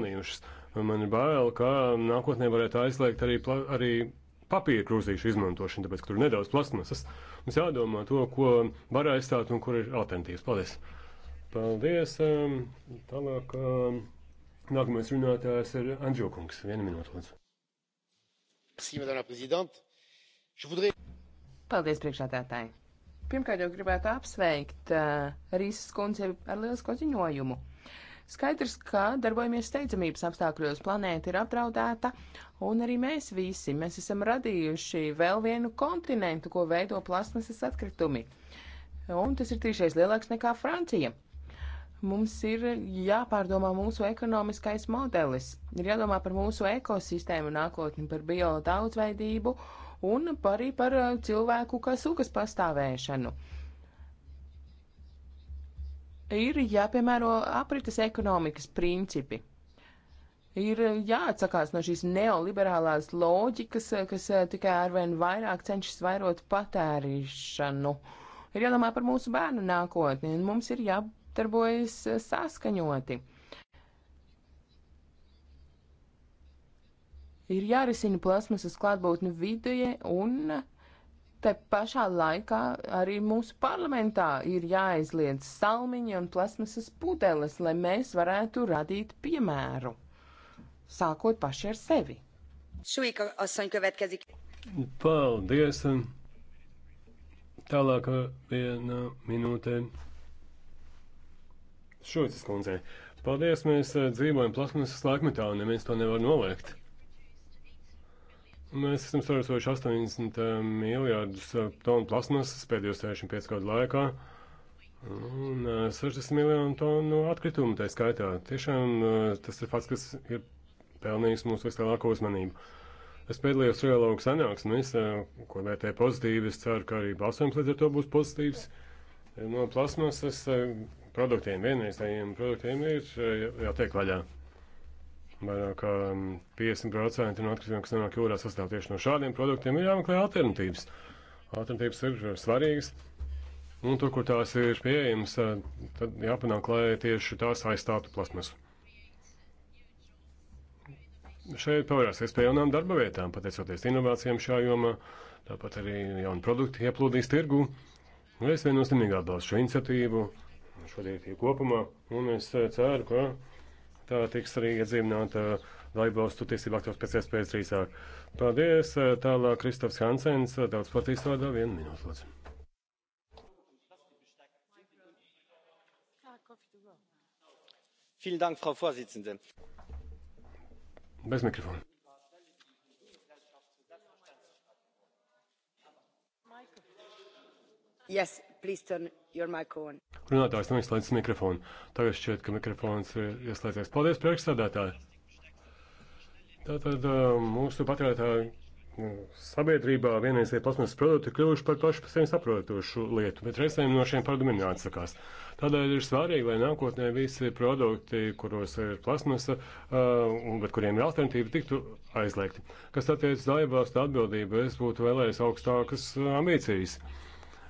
pelnījušas. Man ir bail, ka nākotnē varētu aizliegt arī, pla, arī papīra krūzīšu izmantošanu, tāpēc, ka tur ir nedaudz plasmasas. Mums jādomā to, ko var aizstāt un kur ir alternatīvas. Paldies! Paldies! Um, tālāk um, nākamais runātājs ir Andrija Kungs. Vienu minūtu, lūdzu. Paldies, priekšādātāji! Pirmkārt, jau gribētu apsveikt uh, Rīsas kundzi ar lielisko ziņojumu. Skaidrs, ka darbojamies steidzamības apstākļos, planēta ir apdraudēta, un arī mēs visi, mēs esam radījuši vēl vienu kontinentu, ko veido plasmasas atkritumi. Un tas ir trīsreiz lielāks nekā Francija. Mums ir jāpārdomā mūsu ekonomiskais modelis, ir jādomā par mūsu ekosistēmu nākotni, par bio daudzveidību un arī par uh, cilvēku kā sugas pastāvēšanu ir jāpiemēro aprites ekonomikas principi. Ir jāatsakās no šīs neoliberālās loģikas, kas eh, tikai arvien vairāk cenšas vairot patērišanu. Ir jādomā par mūsu bērnu nākotni, un mums ir jādarbojas eh, saskaņoti. ir jārisina plasmasas klātbūtne vidē un Te pašā laikā arī mūsu parlamentā ir jāaizliedz salmiņi un plasmasas pudeles, lai mēs varētu radīt piemēru, sākot paši ar sevi. Šuika asszony következik. Paldies! Tālāk viena minūte. Šuicis kundzei. Paldies, mēs dzīvojam plasmasas laikmetā un neviens to nevar noliegt. Mēs esam sarasojuši 80 eh, miljārdus eh, tonu plasmasas pēdējo 65 gadu laikā un 60 eh, miljonu tonu atkritumu tā skaitā. Tiešām tas ir pats, kas ir pelnījis mūsu vislielāko uzmanību. Es piedalījos trialogu sanāksmēs, ko vērtēju pozitīvi. Es ceru, ka arī balsojums līdz ar to būs pozitīvs. No plasmasas produktiem, vienreizējiem produktiem ir jātiek vaļā. Vairāk kā 50% no atkritumiem, kas nonāk jūrā, sastāv tieši no šādiem produktiem, ir jāmeklē alternatīvas. Alternatīvas ir svarīgas. Un tur, kur tās ir pieejamas, eh, tad jāpanāk, lai tieši tās aizstātu plasmasu. Šeit pavērās iespēja jaunām darba vietām, pateicoties inovācijām šajā jomā, tāpat arī jauni produkti ieplūdīs tirgu. Es viennozīmīgi atbalstu šo iniciatīvu, šo direktīvu kopumā, un es eh, ceru, ka tā tiks arī iedzīvināta laibalstu tiesību aktos pēc iespējas drīzāk. Paldies, tālāk Kristofs Hansens, daudz partijas vārdā, vienu minūtu lūdzu. Vielen Dank, Frau Vorsitzende. Bez mikrofona. Yes, please turn Runātājs nav izslēdzis mikrofonu. Tagad šķiet, ka mikrofons ir ieslēdzies. Paldies, priekšsēdētāji! Tātad uh, mūsu patērētāju uh, sabiedrībā vienreizie plasmasas produkti ir kļuvuši par pašu par sevi saprotošu lietu, bet reizēm no šiem paradumiem jāatsakās. Tādēļ ir svarīgi, lai nākotnē visi produkti, kuros ir plasmasa, uh, bet kuriem ir alternatīva, tiktu aizliegti. Kas attiecas daļbalsta atbildību, es būtu vēlējis augstākas ambīcijas. Uh,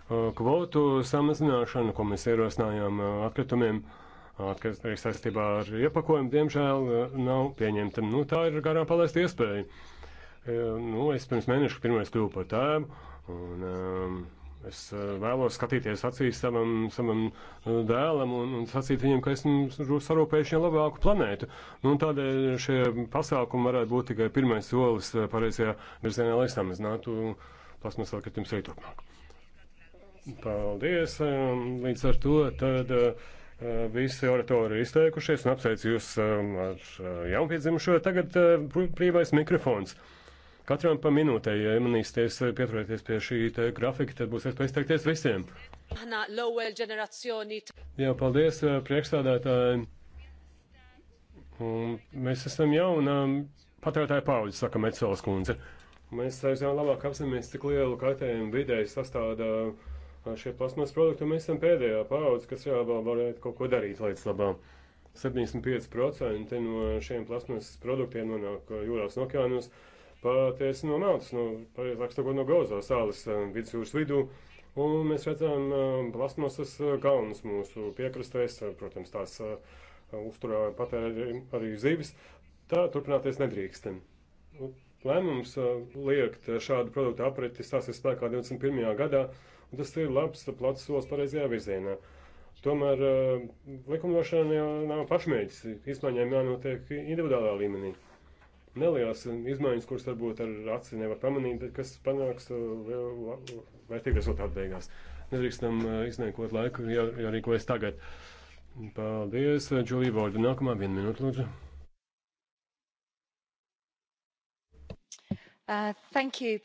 Uh, kvotu samazināšanu, ko mēs ierosinājām uh, atkritumiem, uh, atkrist, arī saistībā ar iepakojumu, diemžēl nav pieņemta. Nu, tā ir garām palaista iespēja. Nu, es pirms mēneša pirmais kļuvu par tēvu, un um, es vēlos skatīties acīs savam, savam dēlam un, un sacīt viņam, ka esmu sarūpējuši viņam labāku planētu. Nu, tādēļ šie pasākumi varētu būt tikai pirmais solis pareizajā virzienā, lai samazinātu plasmas atkritumus arī turpmāk. Paldies! Līdz ar to tad eh, visi oratori ir izteikušies un apsveicu jūs ar eh, jaunpiedzimušo. Tagad eh, brīvais mikrofons. Katram pa minūtē, ja iemanīsties pieturēties pie šī te grafika, tad būs iespēja izteikties visiem. Jā, paldies priekšstādātājiem. Un mēs esam jauna patērētāja paudze, saka Mecolas kundze. Mēs aizvien labāk apzināmies, cik lielu kaitējumu vidēji sastāda uh, šie plasmas produkti, un mēs esam pēdējā paudze, kas reālā varētu kaut ko darīt līdz labām. 75% no šiem plasmas produktiem nonāk jūrās un okeānos, patiesi no naudas, no, pareizāk sakot, no Gauzo salas vidusjūras vidū. Un mēs redzam plasmasas kalnus mūsu piekrastēs, protams, tās uh, uzturā patērē arī zivis. Tā turpināties nedrīkst. Lēmums uh, liekt šādu produktu apreti stāsies spēkā 21. gadā. Uh, Tas ir labs plats solis pareizajā virzienā. Tomēr eh, likumdošana jau nav pašmērķis. Izmaiņām jānotiek individuālā līmenī. Nelielas izmaiņas, kuras varbūt ar aci nevar pamanīt, bet kas panāks vērtīgu rezultātu beigās. Nedrīkstam eh, izniekot laiku, ja, ja rīkojas tagad. Paldies, eh, Džulija Vorda. Nākamā viena minūte, lūdzu. Uh, thank you.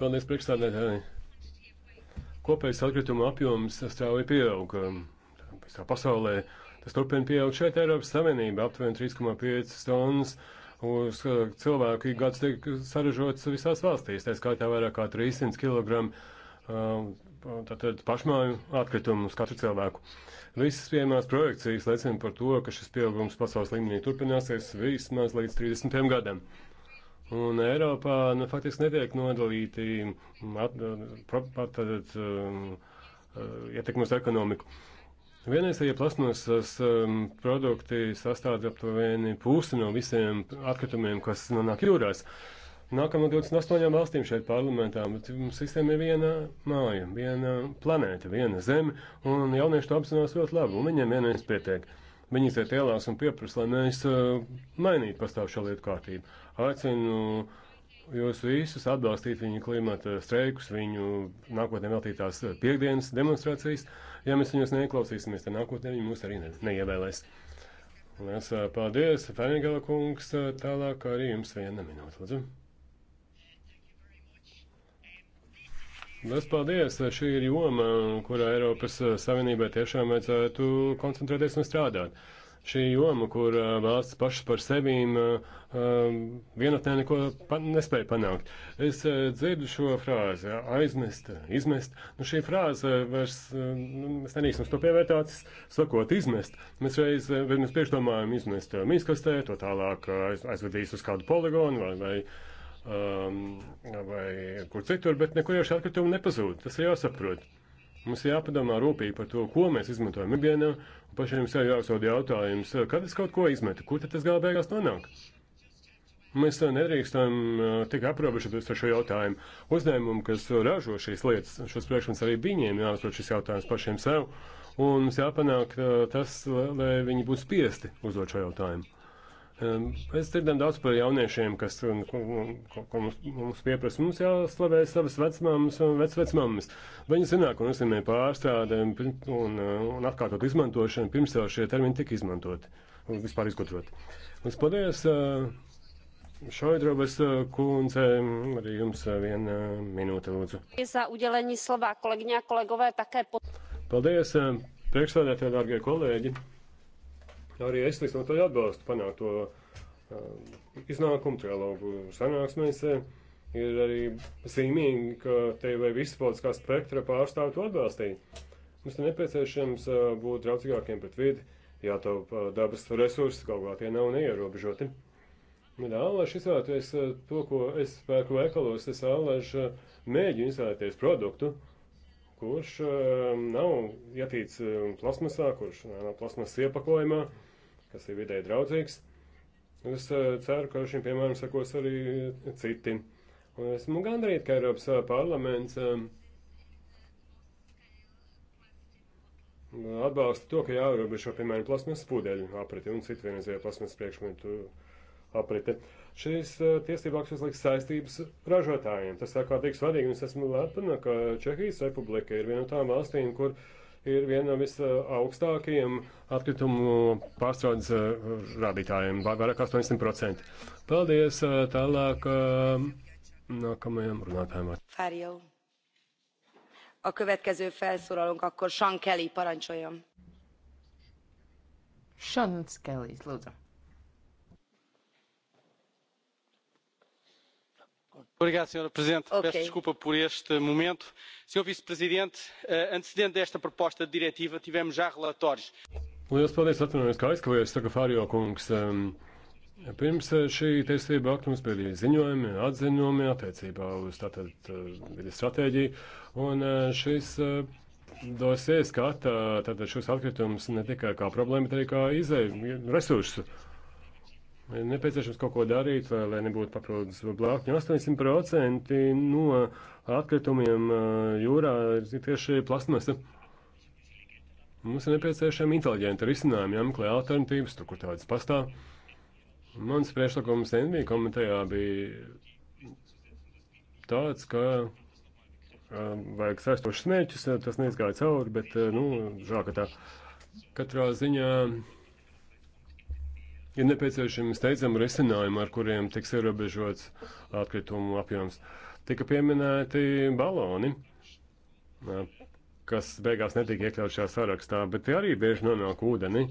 Paldies, priekšstādētāji kopējais atkritumu apjoms strauji pieauga um, visā pasaulē. Tas turpina pieaugt šeit Eiropas Savienība aptuveni 3,5 tonnas uz uh, cilvēku ik gads tiek saražots visās valstīs, tā skaitā vairāk kā 300 kg uh, tātad pašmāju atkritumu uz katru cilvēku. Visas pieejamās projekcijas liecina par to, ka šis pieaugums pasaules līmenī turpināsies vismaz līdz 30. gadam. Un Eiropā nu, faktiski netiek nodalīti at, at, at, ietekmi uz ekonomiku. Vienreizējie ja plasmasas um, produkti sastāv aptuveni pusi no visiem atkritumiem, kas nonāk jūrās. Nākamā 28 valstīm šeit parlamentā, bet mums visiem ir viena māja, viena planēta, viena zeme, un jaunieši to apzinās ļoti labi, un viņiem vienreiz pietiek. Viņi iziet ielās un pieprasa, lai mēs uh, mainītu pastāvšo lietu kārtību. Aicinu jūs visus atbalstīt viņu klimata streikus, viņu nākotnē veltītās piekdienas demonstrācijas. Ja mēs viņus neklausīsimies, tad nākotnē viņi mūs arī ne, neievēlēs. Lielas paldies, Fenigela kungs, tālāk arī jums viena minūte, lūdzu. Liels paldies! Šī ir joma, kurā Eiropas Savienībai tiešām vajadzētu koncentrēties un strādāt. Uh, šī joma, kur valsts pašas par sevīm vienotnē neko pa, nespēja panākt. Es dzirdu šo frāzi - aizmest, izmest. Nu, šī frāze vairs, nu, mēs nenīkstam to pievērtāts, sakot, izmest. Mēs reiz pirms priekšdomājam izmest mīskastē, to tālāk aiz, aizvedīs uz kādu poligonu vai. vai Um, vai kur citur, bet nekur jau šie atkritumi nepazūd. Tas ir jāsaprot. Mums ir jāpadomā rūpīgi par to, ko mēs izmantojam ikdienā Pašiem sev jāuzdod jautājums, kad es kaut ko izmetu, kur tad tas gala beigās nonāk? Mēs nedrīkstam tik aprobežoties ar šo jautājumu. Uzņēmumu, kas ražo šīs lietas, šos priekšmetus arī viņiem jāuzdod šis jautājums pašiem sev, un mums jāpanāk tas, lai viņi būtu spiesti uzdot šo jautājumu. Ehm, mēs dzirdam daudz par jauniešiem, kas ko, ko mums, mums pieprasa. Mums jāslavē savas vecmāmas un vecvecmāmas. Viņi zina, ko nozīmē pārstrāde un, un, eh, un atkārtot izmantošana, pirms jau šie termini tika izmantoti un vispār izgudroti. Mums paldies eh, Šoidrobas eh, kundze, arī jums viena minūte lūdzu. Paldies, priekšsādētāji, dārgie kolēģi! Arī es līdznotaļ atbalstu panākto uh, iznākumu trialogu sanāksmēs. Ir arī zīmīgi, ka te vai visu politiskā spektra pārstāvu to atbalstīt. Mums ir nepieciešams uh, būt draudzīgākiem pret vidi, jātaupa uh, dabas resursi, kaut kā tie nav neierobežoti. Jā, lai izvēlētos uh, to, ko es pērku veikalos, es vēlēšu uh, mēģinu izvēlēties produktu, kurš nav ietīts plasmasā, kurš nav plasmas iepakojumā kas ir vidē draudzīgs. Es eh, ceru, ka šim piemēram sakos arī citi. Un esmu gandrīt, ka Eiropas eh, parlaments eh, atbalsta to, ka jāierobežo, piemēram, plasmas pudeļu apriti un citu vienreizēju plasmas priekšmetu apriti. Šīs tiesībāks uzliks saistības ražotājiem. Tas ir ārkārtīgi svarīgi, un es esmu lepna, ka Čehijas republika ir viena no tām valstīm, kur uh, ir viena no visaugstākajiem atkritumu pārstrādes eh, rādītājiem - vairāk kā 800%. Paldies! Eh, tālāk eh, nākamajam runātājam. Fērjau. A következő felszólalónk akkor Sean Kelly parancsoljon. Sean Kelly, lūdzu. senhora presidente peço desculpa por este momento. senhor vice presidente eh, antecedendo esta proposta de diretiva tivemos já relatórios. Lielas paldies, atvainojos, ka aizkavējos, saka Fārijo kungs. Pirms eh, šī tiesība akta mums bija ziņojumi, atziņojumi attiecībā uz tātad eh, vidas stratēģiju, un šis dosie skata tātad šos atkritumus ne tikai kā problēmu, bet arī kā izēju resursu ir nepieciešams kaut ko darīt, vai, lai nebūtu papildus blākņi. 80% no atkritumiem jūrā ir tieši plasmasa. Mums ir nepieciešami inteliģenti risinājumi, jāmeklē alternatīvas, tur, kur tādas pastāv. Mans priekšlikums NV komitejā bija tāds, ka vajag saistošas mērķus, tas neizgāja cauri, bet, nu, žēl, ka tā katrā ziņā Ir nepieciešami steidzami risinājumi, ar kuriem tiks ierobežots atkritumu apjoms. Tika pieminēti baloni, kas beigās netika iekļauts šajā sarakstā, bet tie arī bieži nonāk ūdeni.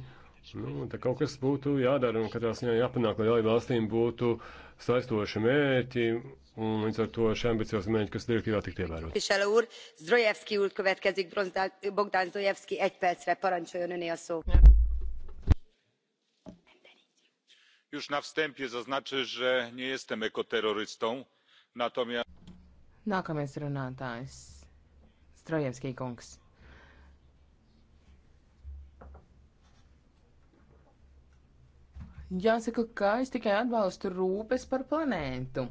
Nu, tā kaut kas būtu jādara un katrā ziņā jāpanāk, lai dalību valstīm būtu saistoši mērķi un līdz ar to šie ambiciozi mērķi, kas direktīvā tiktu ievēroti. Képviselő úr, Zdrojevski úr következik, Bogdan Zdrojevski, egy percre parancsoljon öné a szó. Ja. już na wstępie zaznaczę że nie jestem ekoterroristą natomiast. nākamais runātājs strojevskij kungs. Jāsaka, ka es tikai atbalstu rūpes par planētu.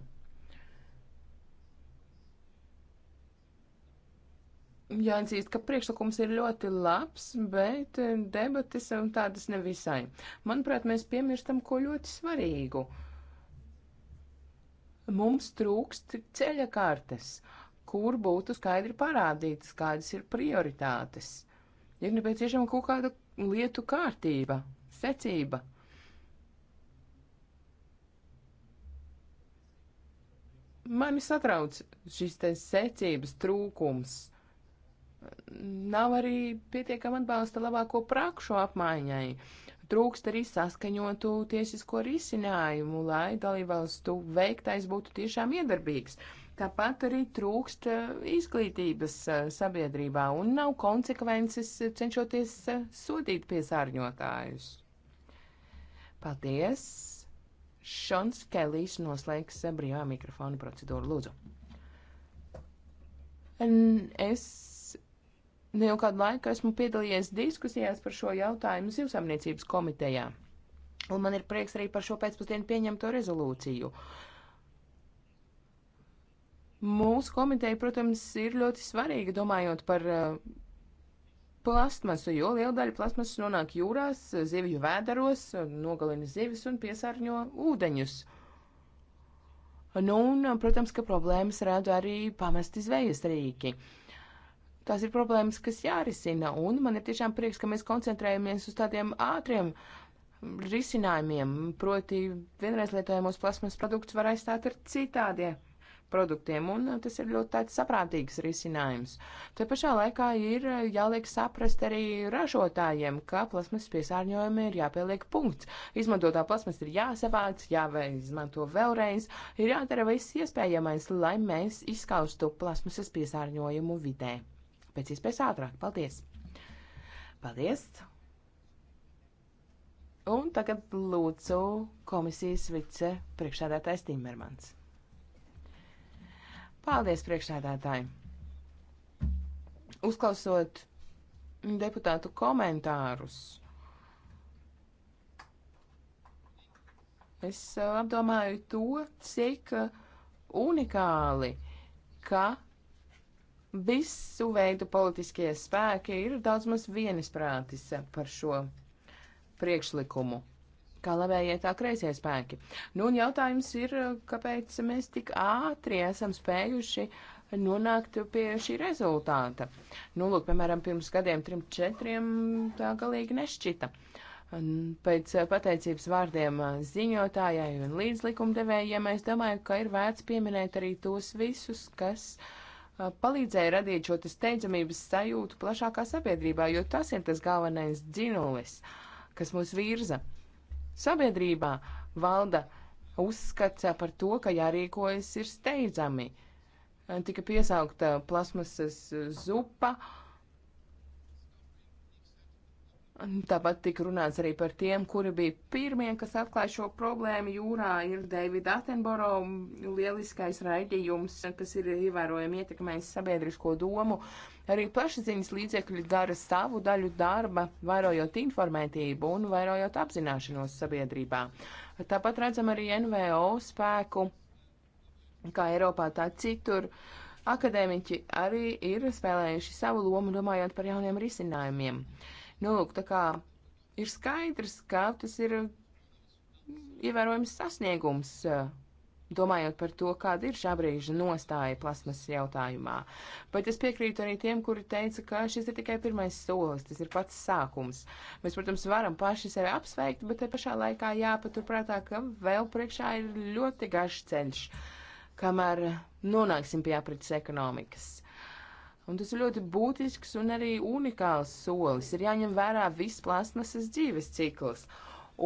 Jāatzīst, ka priekšlikums ir ļoti labs, bet eh, debatas tādas nevisai. Manuprāt, mēs piemirstam ko ļoti svarīgu. Mums trūkst ceļa kartes, kur būtu skaidri parādītas, kādas ir prioritātes. Ir nepieciešama kaut kāda lietu kārtība, secība. Mani satrauc šis te secības trūkums nav arī pietiekama atbalsta labāko prakšu apmaiņai. Trūkst arī saskaņotu tiesisko risinājumu, lai dalībvalstu veiktais būtu tiešām iedarbīgs. Tāpat arī trūkst eh, izglītības eh, sabiedrībā un nav konsekvences eh, cenšoties sodīt piesārņotājus. Paldies! Šons Kelijs noslēgs brīvā mikrofona procedūru. Lūdzu! Es Nu, jau kādu laiku esmu piedalījies diskusijās par šo jautājumu zivsaimniecības komitejā. Un man ir prieks arī par šo pēcpusdienu pieņemto rezolūciju. Mūsu komiteja, protams, ir ļoti svarīga domājot par uh, plastmasu, jo liela daļa plastmasas nonāk jūrās, zivju vēdaros, nogalina zivis un piesārņo ūdeņus. Nu, un, protams, ka problēmas rada arī pamesti zvejas rīki. Uh, Tās ir problēmas, kas jārisina, un man ir tiešām prieks, ka mēs koncentrējamies uz tādiem ātriem risinājumiem, proti vienreiz lietojamos plasmas produktus var aizstāt ar citādiem produktiem, un tas ir ļoti tāds saprātīgs risinājums. Te pašā laikā ir jāliek saprast arī ražotājiem, ka plasmas piesārņojumi ir jāpieliek punkts. Izmantotā plasmas ir jāsavāc, jāizmanto vēlreiz, ir jādara viss iespējamais, lai mēs izskaustu plasmasas piesārņojumu vidē pēc iespējas ātrāk. Paldies! Paldies! Un tagad lūdzu komisijas vice priekšsēdētājs Timermans. Paldies priekšsēdētāji! Uzklausot deputātu komentārus. Es eh, apdomāju to, cik eh, unikāli, ka visu veidu politiskie spēki ir daudz maz vienisprātis par šo priekšlikumu. Kā labējie tā kreisie spēki. Nu, un jautājums ir, kāpēc mēs tik ātri esam spējuši nonākt pie šī rezultāta. Nu, lūk, piemēram, pirms gadiem, trim, četriem tā galīgi nešķita. Uh, Pēc pateicības vārdiem ziņotājai un līdzlikumdevējiem es domāju, ka ir vērts pieminēt arī tos visus, kas uh, palīdzēja radīt šo steidzamības sajūtu plašākā sabiedrībā, jo tas ir tas galvenais dzinulis, kas mūs virza. Sabiedrībā valda uzskats par to, ka jārīkojas ir steidzami. Tika piesaukta plasmasas zupa, uh, Tāpat tika runāts arī par tiem, kuri bija pirmie, kas atklāja šo problēmu jūrā, ir Davida Attenboro mm, lieliskais raidījums, kas ir ievērojami ietekmējis sabiedrisko domu. Arī plašsaziņas līdzekļi dara savu daļu darba, vairojot informētību un vairojot apzināšanos sabiedrībā. Tāpat redzam arī NVO spēku, kā Eiropā, tā citur. Akadēmiķi arī ir spēlējuši savu lomu, domājot par jauniem risinājumiem. Uh, Nu, lūk, tā kā ir skaidrs, ka tas ir ievērojams sasniegums, eh, domājot par to, kāda ir šā brīža nostāja plasmas jautājumā. Bet es piekrītu arī tiem, kuri teica, ka šis ir tikai pirmais solis, tas ir pats sākums. Mēs, protams, varam paši sevi apsveikt, bet te pašā laikā jāpaturprātā, ka vēl priekšā ir ļoti garš ceļš, kamēr nonāksim pie aprits ekonomikas. Un tas ir ļoti būtisks un arī unikāls solis. Ir jāņem vērā viss plasmasas dzīves cikls.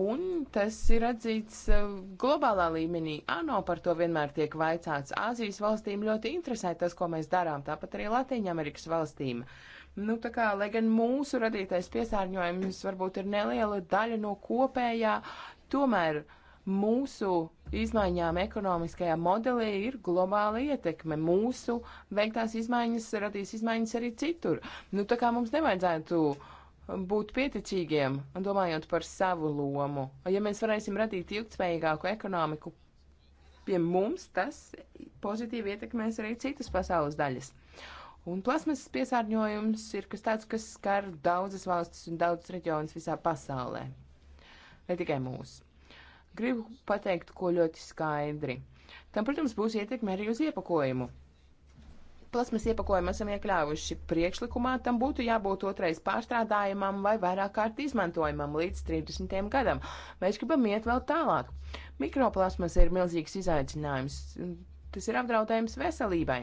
Un tas ir atzīts eh, globālā līmenī. ANO par to vienmēr tiek vaicāts. Āzijas valstīm ļoti interesē tas, ko mēs darām, tāpat arī Latīņamerikas valstīm. Nu, tā kā, lai gan mūsu radītais piesārņojums varbūt ir neliela daļa no kopējā, tomēr uh, mūsu izmaiņām ekonomiskajā modelī ir globāla ietekme. Mūsu veiktās izmaiņas radīs izmaiņas arī citur. Nu, tā kā mums nevajadzētu būt pieticīgiem, domājot par savu lomu. Ja mēs varēsim radīt ilgtspējīgāku ekonomiku pie mums, tas pozitīvi ietekmēs arī citas pasaules daļas. Un plasmasas piesārņojums ir kas tāds, kas skar daudzas valstis un daudzas reģionas visā pasaulē. Ne tikai mūsu. Gribu pateikt, ko ļoti skaidri. Tam, protams, būs ietekme arī uz iepakojumu. Plasmas iepakojumu esam iekļāvuši priekšlikumā, tam būtu jābūt otrais pārstrādājumam vai vairāk kārt izmantojumam līdz 30. gadam. Mēs gribam iet vēl tālāk. Mikroplasmas ir milzīgs izaicinājums. Tas ir apdraudējums veselībai.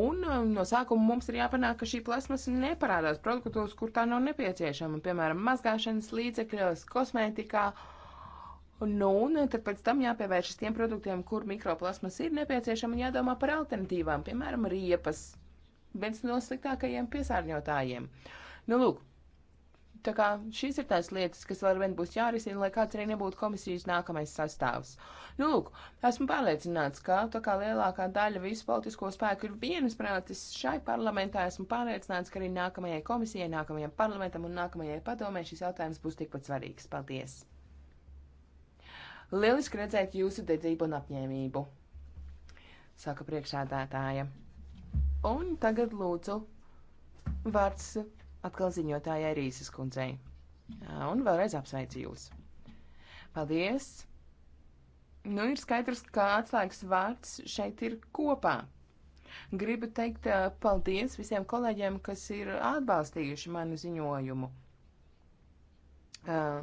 Un um, no sākuma mums ir jāpanāk, ka šī plasmas neparādās produktos, kur tā nav nepieciešama, piemēram, mazgāšanas līdzekļos, kosmētikā. Uh, Nu, un tad pēc tam jāpievēršas tiem produktiem, kur mikroplasmas ir nepieciešama un jādomā par alternatīvām, piemēram, riepas, viens no sliktākajiem piesārņotājiem. Nu, lūk, tā kā šīs ir tās lietas, kas vēl vien būs jārisina, lai kāds arī nebūtu komisijas nākamais sastāvs. Nu, lūk, esmu pārliecināts, ka tā kā lielākā daļa visu politisko spēku ir vienasprātis šai parlamentā, esmu pārliecināts, ka arī nākamajai komisijai, nākamajam parlamentam un nākamajai padomē šis jautājums būs tikpat svarīgs. Paldies! Lieliski redzēt jūsu dedzību un apņēmību, saka priekšādātāja. Un tagad lūdzu vārds atkal ziņotājai Rīsas kundzei. Un vēlreiz apsveicu jūs. Paldies! Nu, ir skaidrs, ka atslēgas vārds šeit ir kopā. Gribu teikt paldies visiem kolēģiem, kas ir atbalstījuši manu ziņojumu. Uh,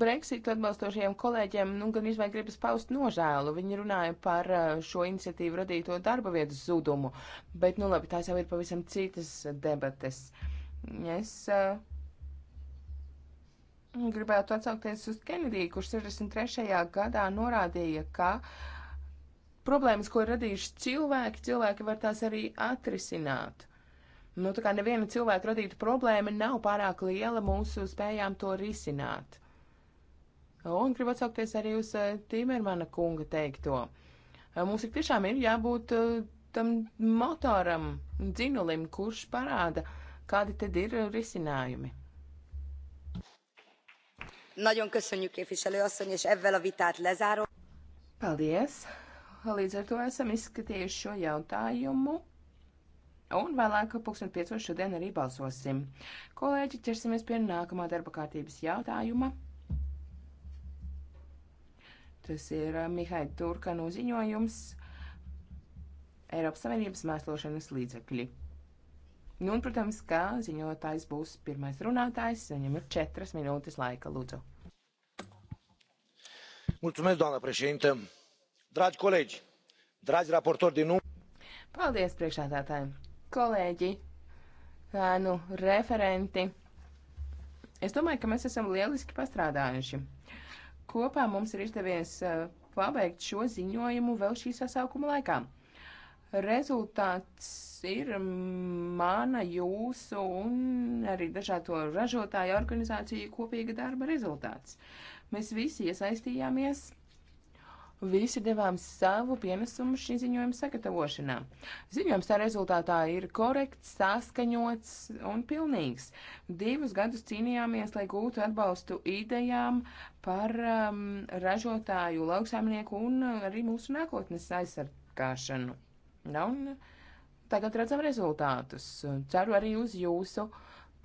Brexitu atbalstošajiem kolēģiem nu, gan izvēl gribas paust nožēlu. Viņi runāja par eh, šo iniciatīvu radīto darba vietu zudumu, bet, nu labi, tās jau ir pavisam citas debates. Es uh, gribētu atsaukties uz Kenediju, kurš 63. gadā norādīja, ka problēmas, ko ir radījuši cilvēki, cilvēki var tās arī atrisināt. Nu, tā kā neviena cilvēka radīta problēma nav pārāk liela mūsu spējām to risināt. Un gribu atsaukties arī uz eh, Timermana kunga teikto. Eh, mums ir tiešām ir jābūt eh, tam motoram, dzinulim, kurš parāda, kādi tad ir risinājumi. Nagyon köszönjük képviselő asszony, és ezzel a vitát lezárom. Paldies! Līdz ar to esam izskatījuši šo jautājumu. Un vēlāk, pulksten 5. šodien arī balsosim. Kolēģi, ķersimies pie nākamā darba kārtības jautājuma. Tas ir eh, Mihaila Turkanu ziņojums Eiropas Savienības mēslošanas līdzekļi. Nu, un, protams, kā ziņotājs būs pirmais runātājs, viņam ir četras minūtes laika, lūdzu. Mulțumesc, doamnă președintă! Dragi colegi, dragi raportori din umbră! Paldies, priekšādātājiem! Kolēģi, nu, referenti! Es domāju, ka mēs esam lieliski pastrādājuši. Kopā mums ir izdevies eh, pabeigt šo ziņojumu vēl šī sasaukuma laikā. Rezultāts ir mana, jūsu un arī dažādo ražotāju organizāciju kopīga darba rezultāts. Mēs visi iesaistījāmies Visi devām savu pienesumu šī ziņojuma sagatavošanā. Ziņojums tā rezultātā ir korekts, saskaņots un pilnīgs. Divus gadus cīnījāmies, lai gūtu atbalstu idejām par um, ražotāju, lauksaimnieku un arī mūsu nākotnes aizsargāšanu. Un tagad redzam rezultātus. Ceru arī uz jūsu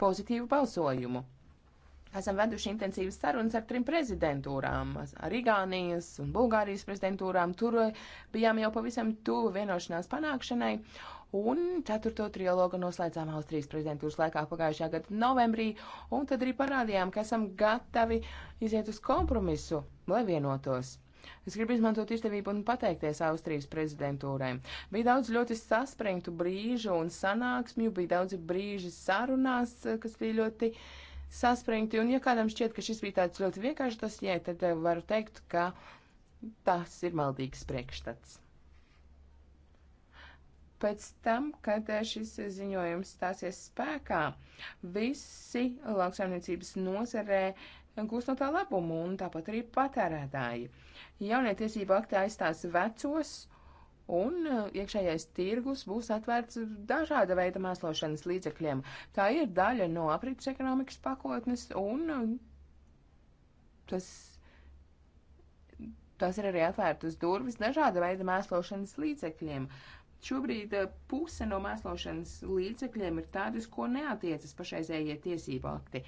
pozitīvu balsojumu esam veduši intensīvas sarunas ar trim prezidentūrām, ar Igānijas un Bulgārijas prezidentūrām. Tur bijām jau pavisam tuvu vienošanās panākšanai. Un ceturto trilogu noslēdzām Austrijas prezidentūras laikā pagājušā gada novembrī, un tad arī parādījām, ka esam gatavi iziet uz kompromisu, lai vienotos. Es gribu izmantot izdevību un pateikties Austrijas prezidentūrai. Bija daudz ļoti saspringtu brīžu un sanāksmju, bija daudzi brīži sarunās, kas bija ļoti uh, saspringti, un ja kādam šķiet, ka šis bija tāds ļoti vienkāršs dosie, tad eh, varu teikt, ka tas ir maldīgs priekšstats. Pēc tam, kad eh, šis ziņojums stāsies spēkā, visi lauksaimniecības nozarē gūs no tā labumu, un tāpat arī patērētāji. Jaunie tiesību akti aizstās vecos, Un uh, iekšējais tirgus būs atvērts dažāda veida mēslošanas līdzekļiem. Tā ir daļa no aprīķis ekonomikas pakotnes, un um, tas, tas ir arī atvērtas durvis dažāda veida mēslošanas līdzekļiem. Šobrīd uh, puse no mēslošanas līdzekļiem ir tādas, ko neatiecas pašreizējie tiesību akti.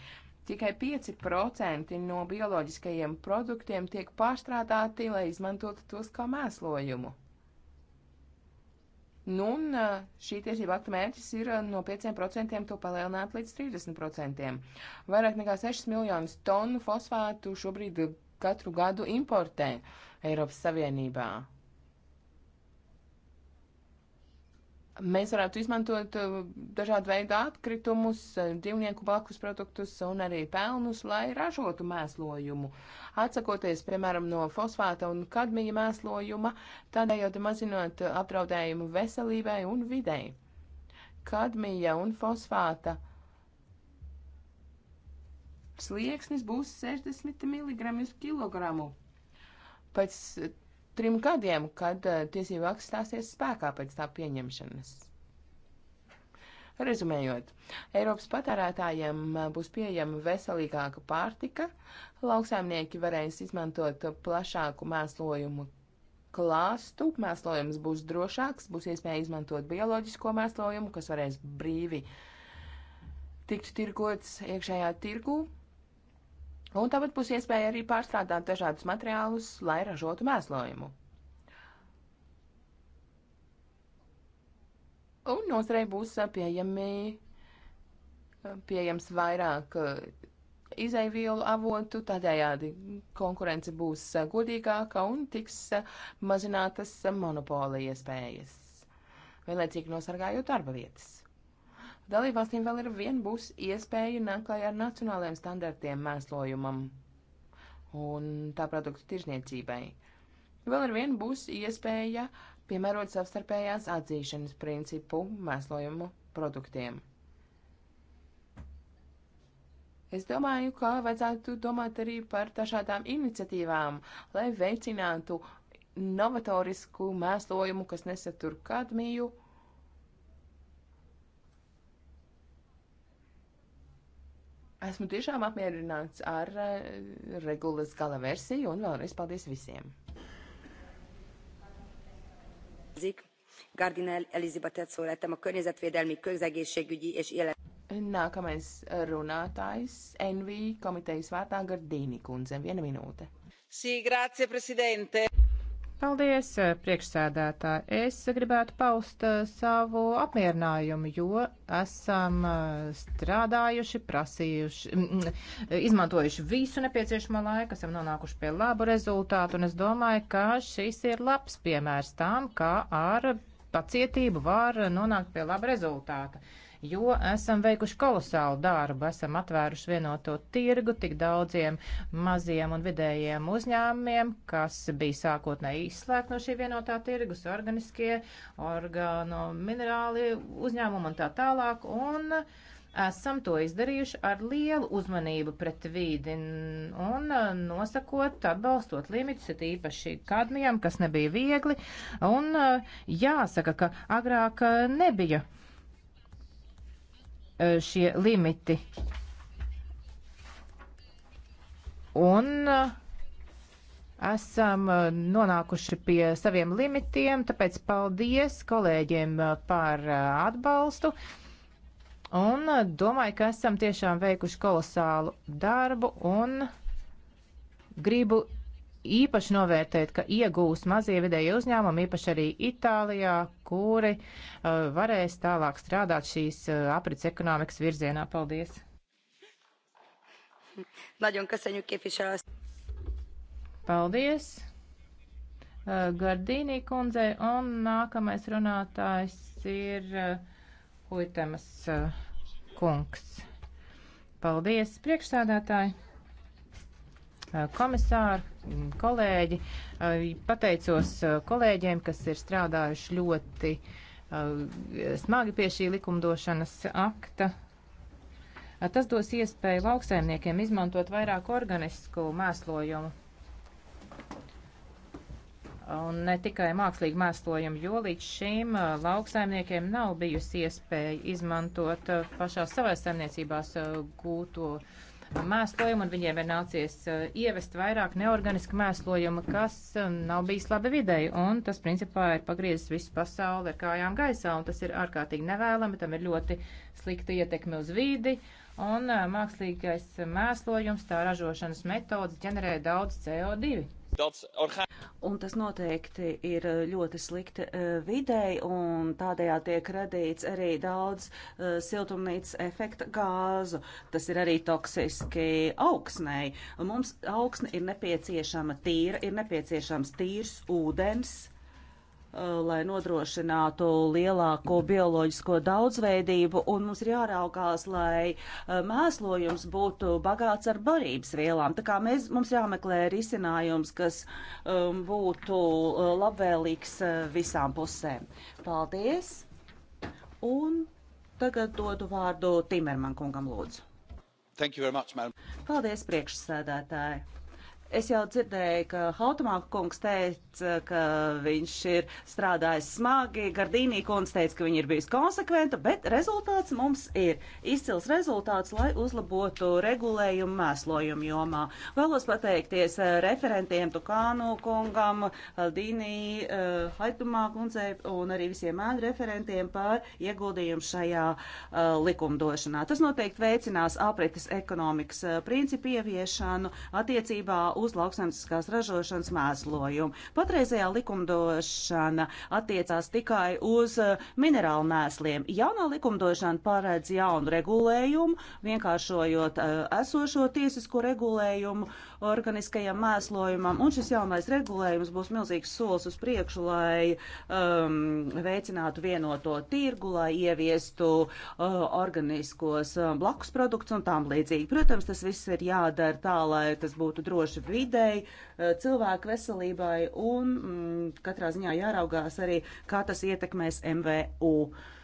Tikai 5% no bioloģiskajiem produktiem tiek pārstrādāti, lai izmantotu tos kā mēslojumu. Nu, un šī tiesība akta mērķis ir no 5% to palielināt līdz 30%. Vairāk nekā 6 miljonus tonu fosfātu šobrīd katru gadu importē Eiropas Savienībā. mēs varētu izmantot uh, dažādu veidu atkritumus, uh, dzīvnieku blakus produktus un arī pelnus, lai ražotu mēslojumu. Atsakoties, piemēram, no fosfāta un kadmija mēslojuma, tādējādi mazinot apdraudējumu veselībai un videi. Kadmija un fosfāta slieksnis būs 60 mg kilogramu. Pēc trim gadiem, kad eh, tiesība akts stāsies spēkā pēc tā pieņemšanas. Rezumējot, Eiropas patērētājiem eh, būs pieejama veselīgāka pārtika, lauksaimnieki varēs izmantot plašāku mēslojumu klāstu, mēslojums būs drošāks, būs iespēja izmantot bioloģisko mēslojumu, kas varēs brīvi tikt tirgots iekšējā tirgū, Un tāpat būs iespēja arī pārstrādāt dažādus materiālus, lai ražotu mēslojumu. Un nozarei būs pieejami, pieejams vairāk izaivielu avotu, tādējādi konkurence būs godīgāka un tiks mazinātas monopola iespējas, vienlaicīgi nosargājot darba vietas. Dalībvalstīm vēl ir vien būs iespēja nāklājā ar nacionālajiem standartiem mēslojumam un tā produktu tirzniecībai. Vēl ar vienu būs iespēja piemērot savstarpējās atzīšanas principu mēslojumu produktiem. Es domāju, ka vajadzētu domāt arī par dažādām iniciatīvām, lai veicinātu novatorisku mēslojumu, kas nesatur kadmiju Esmu tiešām apmierināts ar eh, regulas gala versiju un vēlreiz paldies visiem. Zik, Gardinel Elizabetet szólaltam a környezetvédelmi, közegészségügyi és élet. Nākamais runātājs NV komitejas vārtā Gardīni kundze. Viena minūte. Sī, sí, grazie, prezidente. Paldies, eh, priekšsēdētāji. Es gribētu paust eh, savu apmierinājumu, jo esam eh, strādājuši, prasījuši, mm, mm, izmantojuši visu nepieciešamo laiku, esam nonākuši pie labu rezultātu, un es domāju, ka šis ir labs piemērs tam, kā ar pacietību var nonākt pie laba rezultāta. Uh, jo esam veikuši kolosālu darbu, esam atvēruši vienoto tirgu tik daudziem maziem un vidējiem uzņēmumiem, kas bija sākotnēji izslēgti no šī vienotā tirgus, organiskie, organo, minerāli uzņēmumi un tā tālāk. Un, esam to izdarījuši ar lielu uzmanību pret vīdi un nosakot, atbalstot limitus, ir īpaši kadmijam, kas nebija viegli. Un jāsaka, ka agrāk nebija Eh, šie limiti. Un eh, esam eh, nonākuši pie saviem limitiem, tāpēc paldies kolēģiem par atbalstu. Un domāju, ka esam tiešām veikuši kolosālu darbu un gribu īpaši novērtēt, ka iegūs mazie vidēji uzņēmumi, īpaši arī Itālijā, kuri uh, varēs tālāk strādāt šīs uh, aprits ekonomikas virzienā. Paldies! Paldies! Uh, Gardīnī kundze un nākamais runātājs ir uh, Huitemas uh, kungs. Paldies, priekšsādātāji, uh, komisāri, Mm, kolēģi. Pateicos kolēģiem, kas ir strādājuši ļoti smagi pie šī likumdošanas akta. Tas dos iespēju lauksaimniekiem izmantot vairāk organisku mēslojumu un ne tikai mākslīgi mēslojumu, jo līdz šim lauksaimniekiem nav bijusi iespēja izmantot pašās savās saimniecībās gūto uh, mēslojumu, un viņiem ir nācies eh, ievest vairāk neorganiska mēslojuma, kas eh, nav bijis labi videi, un tas principā ir pagriezis visu pasauli ar kājām gaisā, un tas ir ārkārtīgi nevēlami, tam ir ļoti slikta ietekme uz vīdi, un eh, mākslīgais mēslojums, tā ražošanas metodas ģenerē daudz CO2. Un tas noteikti ir eh, ļoti slikti eh, videi, un tādējādi tiek radīts arī daudz eh, siltumnīcas efekta gāzu. Tas ir arī toksiski augsnei. Mums augsne ir nepieciešama tīra, ir nepieciešams tīrs ūdens Uh, lai nodrošinātu lielāko bioloģisko daudzveidību, un mums ir jāraukās, lai uh, mēslojums būtu bagāts ar barības vielām. Tā kā mēs, mums jāmeklē risinājums, kas um, būtu uh, labvēlīgs visām pusēm. Paldies! Un tagad dodu vārdu Timerman kungam lūdzu. Much, Paldies, priekšsēdētāji! Es jau dzirdēju, ka Hautamāka kungs teica, ka viņš ir strādājis smagi, Gardīnī kungs teica, ka viņi ir bijusi konsekventa, bet rezultāts mums ir izcils rezultāts, lai uzlabotu regulējumu mēslojumu jomā. Vēlos pateikties eh, referentiem Tukānu kungam, Aldīnī, eh, Haitumā kundzei un arī visiem ēnu referentiem par ieguldījumu šajā eh, likumdošanā. Tas noteikti veicinās aprites ekonomikas principu ieviešanu attiecībā uz lauksaimnieciskās ražošanas mēslojumu. Patreizējā likumdošana attiecās tikai uz eh, minerālu mēsliem. Jaunā likumdošana paredz jaunu regulējumu, vienkāršojot eh, esošo tiesisko regulējumu organiskajam mēslojumam, un šis jaunais regulējums būs milzīgs solis uz priekšu, lai um, veicinātu vienoto tirgu, lai ieviestu uh, organiskos um, blakus produktus un tām līdzīgi. Protams, tas viss ir jādara tā, lai tas būtu droši videi, uh, cilvēku veselībai un mm, katrā ziņā jāraugās arī, kā tas ietekmēs MVU. Uh,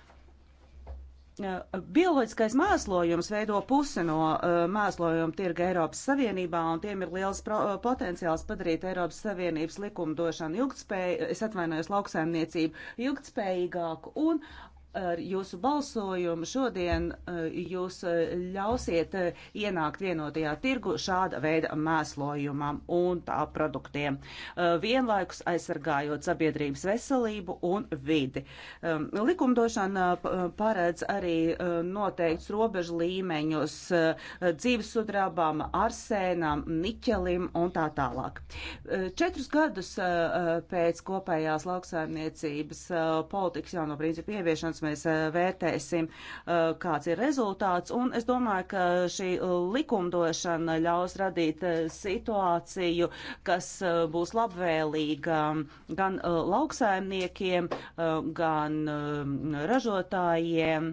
Uh, bioloģiskais mēslojums veido pusi no uh, mēslojuma tirga Eiropas Savienībā, un tiem ir liels pro, uh, potenciāls padarīt Eiropas Savienības likumdošanu ilgtspēju, es atvainojos lauksaimniecību, ilgtspējīgāku un ar jūsu balsojumu šodien e, jūs e, ļausiet e, ienākt vienotajā tirgu šāda veida mēslojumam un tā produktiem, vienlaikus aizsargājot sabiedrības veselību un vidi. Likumdošana paredz arī noteikts robežu līmeņus dzīvesudrabam, arsēnam, niķelim un tā tālāk. Četrus gadus pēc kopējās lauksaimniecības politikas jauno principu ieviešanas mēs eh, vērtēsim, eh, kāds ir rezultāts. Un es domāju, ka šī eh, likumdošana ļaus radīt situāciju, kas būs labvēlīga mm, gan lauksaimniekiem, gan ražotājiem.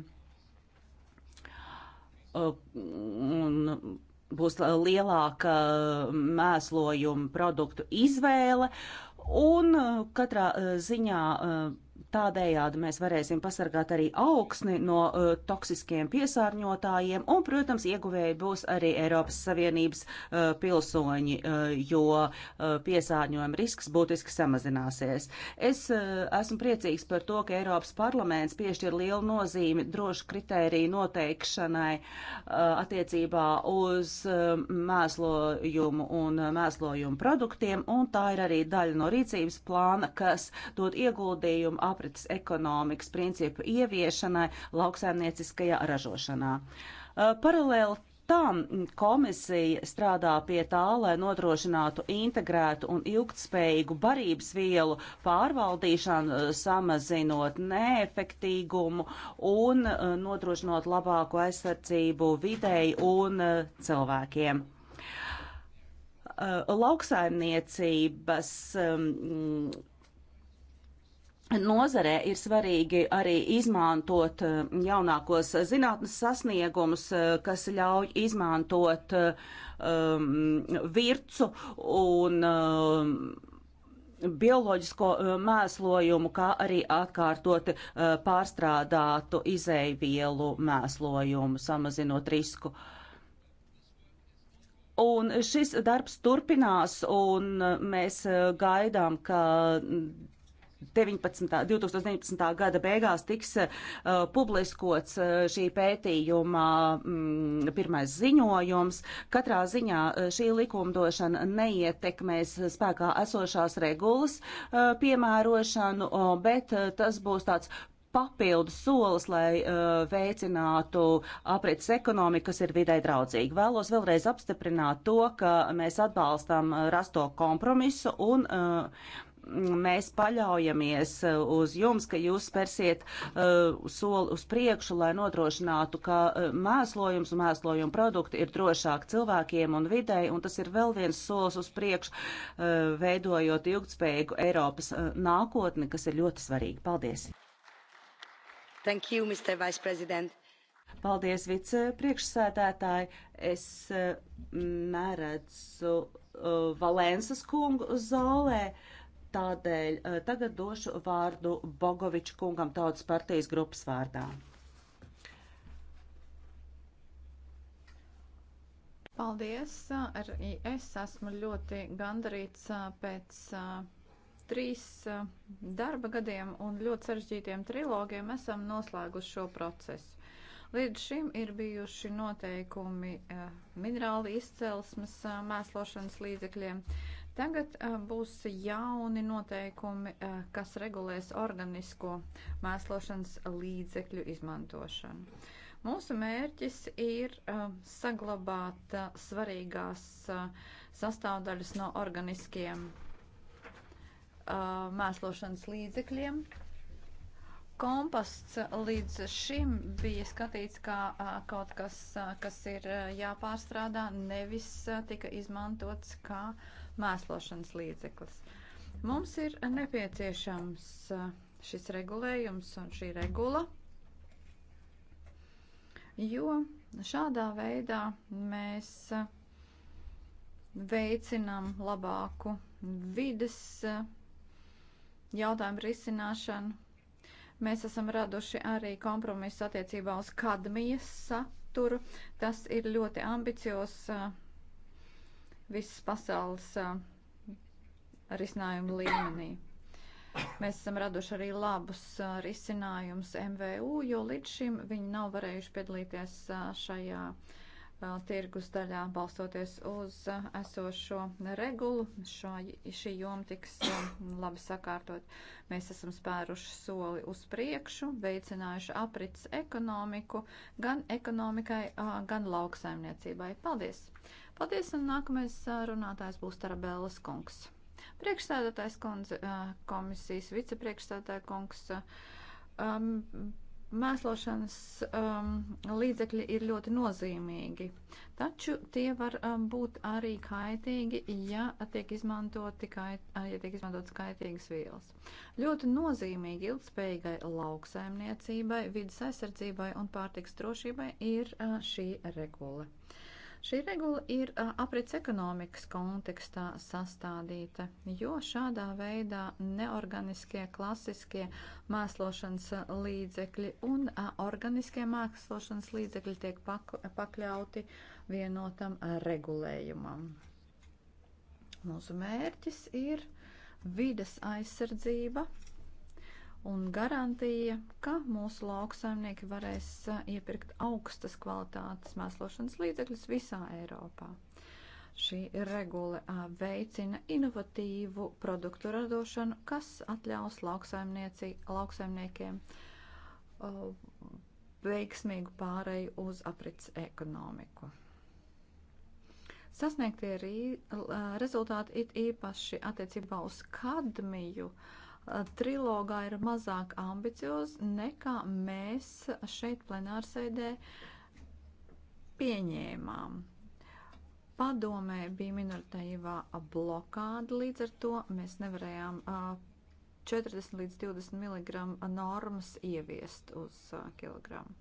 Un būs lielāka mēslojuma produktu izvēle, un katrā ziņā Tādējādi mēs varēsim pasargāt arī augsni no uh, toksiskiem piesārņotājiem, un, protams, ieguvēji būs arī Eiropas Savienības uh, pilsoņi, uh, jo uh, piesārņojuma risks būtiski samazināsies. Es uh, esmu priecīgs par to, ka Eiropas parlaments piešķir lielu nozīmi drošu kritēriju noteikšanai uh, attiecībā uz uh, mēslojumu un uh, mēslojumu produktiem, un tā ir arī daļa no rīcības plāna, kas dod ieguldījumu ap aprits ekonomikas principu ieviešanai lauksaimnieciskajā ražošanā. Paralēli tam komisija strādā pie tā, lai nodrošinātu integrētu un ilgtspējīgu barības vielu pārvaldīšanu, samazinot neefektīgumu un nodrošinot labāku aizsardzību videi un cilvēkiem. Lauksaimniecības Nozarē ir svarīgi arī izmantot eh, jaunākos zinātnes sasniegumus, eh, kas ļauj izmantot um, ehm, vircu un um, bioloģisko eh, mēslojumu, kā arī atkārtot uh, pārstrādātu izēvielu mēslojumu, samazinot risku. Un šis darbs turpinās, un mēs gaidām, ka 19, 2019. gada beigās tiks uh, publiskots uh, šī pētījuma mm, pirmais ziņojums. Katrā ziņā uh, šī likumdošana neietekmēs spēkā esošās regulas uh, piemērošanu, bet uh, tas būs tāds papildus solis, lai uh, veicinātu aprits ekonomiku, kas ir vidē draudzīga. Vēlos vēlreiz apstiprināt to, ka mēs atbalstam uh, rasto kompromisu un uh, mēs paļaujamies e, uz jums, ka jūs spērsiet uh, soli uz priekšu, lai nodrošinātu, ka e, mēslojums un mēslojuma produkti ir drošāk cilvēkiem un videi, un tas ir vēl viens solis uz priekšu, uh, veidojot ilgtspējīgu Eiropas uh, nākotni, kas ir ļoti svarīgi. Paldies! Thank you, Mr. Vice President. Paldies, vicepriekšsēdētāji. Es neredzu uh, Valensas kungu zālē. Uh, Tādēļ eh, tagad došu vārdu Bogoviču kungam Tautas partijas grupas vārdā. Paldies! Eh, es esmu ļoti gandarīts eh, pēc trīs darba gadiem un ļoti sarežģītiem trilogiem esam noslēguši šo procesu. Līdz šim ir bijuši noteikumi minerāli izcelsmes mēslošanas līdzekļiem. Uh, Tagad uh, būs jauni noteikumi, uh, kas regulēs organisko mēslošanas līdzekļu izmantošanu. Mūsu mērķis ir uh, saglabāt uh, svarīgās uh, sastāvdaļas no organiskiem uh, mēslošanas līdzekļiem. Komposts līdz šim bija skatīts kā uh, kaut kas, uh, kas ir uh, jāpārstrādā, nevis uh, tika izmantots kā uh, mēslošanas līdzeklis. Mums ir nepieciešams eh, šis regulējums un šī regula, jo šādā veidā mēs eh, veicinām labāku vides eh, jautājumu risināšanu. Mēs esam raduši arī kompromisu attiecībā uz kadmijas saturu. Tas ir ļoti ambiciozs visas pasaules risinājuma līmenī. Mēs esam raduši arī labus risinājumus MVU, jo līdz šim viņi nav varējuši piedalīties šajā tirgus daļā, balstoties uz esošo regulu. Šo, šī joma tiks labi sakārtot. Mēs esam spēruši soli uz priekšu, veicinājuši aprits ekonomiku gan ekonomikai, gan lauksaimniecībai. Paldies! Paldies, un nākamais runātājs būs Tarabēlas kungs. Priekšsēdētājs kundze, komisijas vicepriekšsēdētāja kungs. Um, mēslošanas um, līdzekļi ir ļoti nozīmīgi, taču tie var um, būt arī kaitīgi, ja tiek, izmantoti kait, ja tiek izmantotas kaitīgas vielas. Ļoti nozīmīgi ilgspējīgai lauksaimniecībai, vidas aizsardzībai un pārtiks drošībai ir uh, šī regula. Uh, Šī regula ir aprits ekonomikas kontekstā sastādīta, jo šādā veidā neorganiskie klasiskie mēslošanas līdzekļi un organiskie mēslošanas līdzekļi tiek pakļauti vienotam regulējumam. Mūsu mērķis ir vides aizsardzība un garantija, ka mūsu lauksaimnieki varēs eh, iepirkt augstas kvalitātes mēslošanas līdzekļus visā Eiropā. Šī regula eh, veicina inovatīvu produktu radošanu, kas atļaus lauksaimniekiem eh, veiksmīgu pāreju uz aprits ekonomiku. Sasniegtie rezultāti it īpaši attiecībā uz kadmiju uh, trilogā ir mazāk ambiciozi nekā mēs šeit plenārsēdē pieņēmām. Padomē bija minoritīvā blokāda, līdz ar to mēs nevarējām 40 līdz 20 mg normas ieviest uz kilogramu.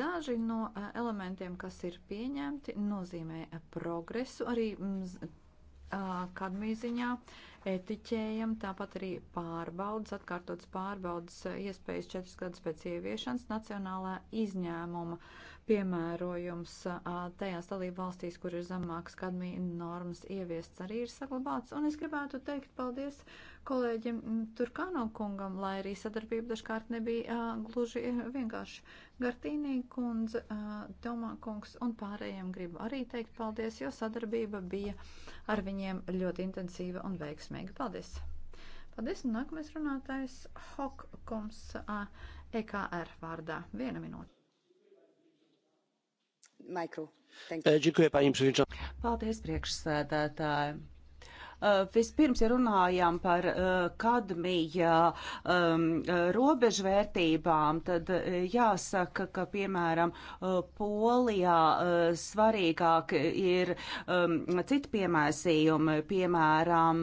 Daži no elementiem, kas ir pieņemti, nozīmē progresu arī kadmija ziņā etiķējam, tāpat arī pārbaudas, atkārtotas pārbaudas iespējas četras gadus pēc ieviešanas nacionālā izņēmuma piemērojums tajās dalību valstīs, kur ir zemāks kadmija normas ieviests, arī ir saglabāts. Un es gribētu teikt paldies kolēģim Turkāno kungam, lai arī sadarbība dažkārt nebija gluži vienkārši. Gartīnī kundze, Tomā kungs un pārējiem gribu arī teikt paldies, jo sadarbība bija ar viņiem ļoti intensīva un veiksmīga. Paldies! Paldies! Un nākamais runātājs Hokkoms EKR vārdā. Viena minūte. Mikro. Paldies, priekšsēdētāji! Eh, vispirms, ja runājam par eh, kadmija um, robežvērtībām, tad eh, jāsaka, ka, piemēram, Polijā svarīgāk ir um, citi piemēsījumi, piemēram,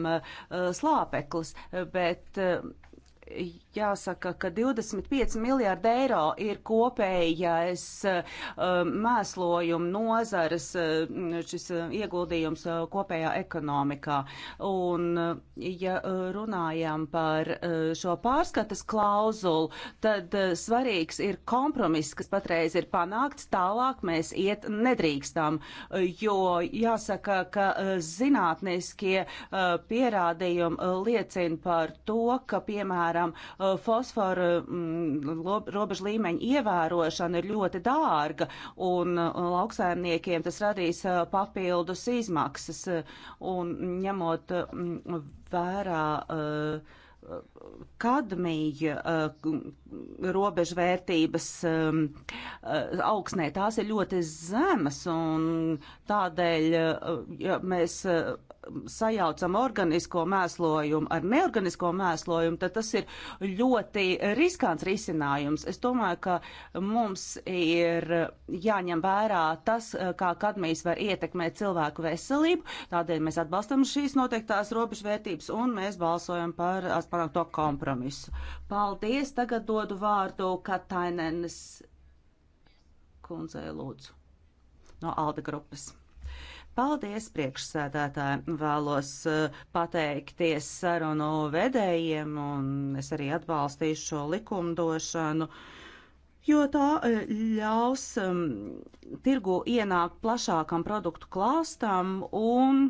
slāpeklis, bet Jāsaka, ka 25 miljārdi eiro ir kopējais eh, mēslojuma nozares eh, šis eh, ieguldījums kopējā ekonomikā. Un, ja runājam par šo pārskatas klauzulu, tad svarīgs ir kompromiss, kas patreiz ir panākts, tālāk mēs iet nedrīkstam, jo jāsaka, ka zinātniskie pierādījumi liecina par to, ka, piemēram, fosforu mm, robežu līmeņu ievērošana ir ļoti dārga, un uh, lauksaimniekiem tas radīs uh, papildus izmaksas, un ņemot mm, vērā uh, kadmija robežvērtības um, augsnē, tās ir ļoti zemas, un tādēļ, ja mēs sajaucam organisko mēslojumu ar neorganisko mēslojumu, tad tas ir ļoti riskants risinājums. Es domāju, ka mums ir jāņem vērā tas, kā kadmijs var ietekmēt cilvēku veselību, tādēļ mēs atbalstam šīs noteiktās robežvērtības un mēs balsojam par panākto kompromisu. Paldies, tagad dodu vārdu Katainenes kundzei lūdzu no Alda grupas. Paldies priekšsēdētāji. Vēlos eh, pateikties sarunu vedējiem un es arī atbalstīšu šo likumdošanu jo tā eh, ļaus um, tirgu ienākt plašākam produktu klāstam un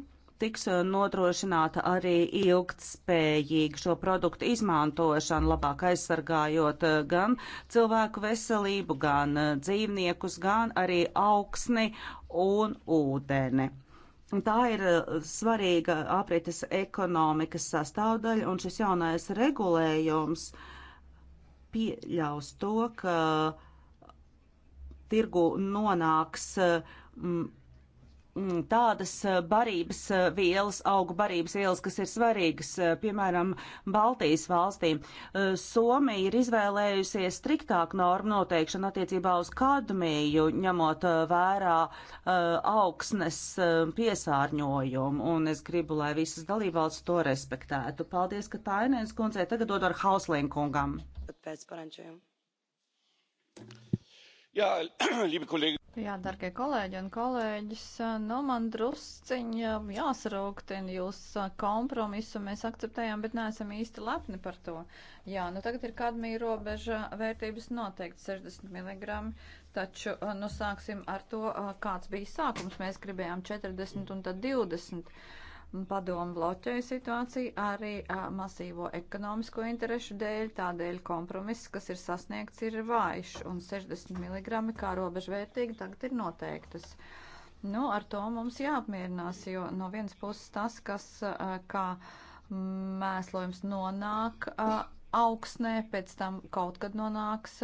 tiks eh, nodrošināta arī ilgtspējīga šo produktu izmantošana, labāk aizsargājot gan cilvēku veselību, gan dzīvniekus, gan arī augsni un ūdeni. Tā ir eh, svarīga aprites ekonomikas sastāvdaļa, un šis jaunais regulējums pieļaus to, ka tirgu nonāks mm, Mm, tādas eh, barības eh, vielas, augu barības vielas, kas ir svarīgas, eh, piemēram, Baltijas valstīm. Somija ir izvēlējusies striktāk normu noteikšanu attiecībā uz kadmiju, ņemot vērā augsnes piesārņojumu, un es gribu, lai visas dalībvalsts to respektētu. Paldies, ka tā Ainēns kundzei tagad dod ar Hauslinkungam. Jā, liebe kolēģi. Jā, darbie kolēģi un kolēģis, nu man drusciņi jāsarauktina jūs kompromisu, mēs akceptējām, bet neesam īsti lepni par to. Jā, nu tagad ir kadmija robeža vērtības noteikti 60 mg, taču nu sāksim ar to, kāds bija sākums. Mēs gribējām 40 un tad 20 mg. Padomu bloķēja situāciju arī a, masīvo ekonomisko interešu dēļ, tādēļ kompromiss, kas ir sasniegts, ir vājš, un 60 mg kā robežvērtīgi tagad ir noteiktas. Nu, ar to mums jāapmierinās, jo no vienas puses tas, kas a, kā mēslojums nonāk, a, augsnē, pēc tam kaut kad nonāks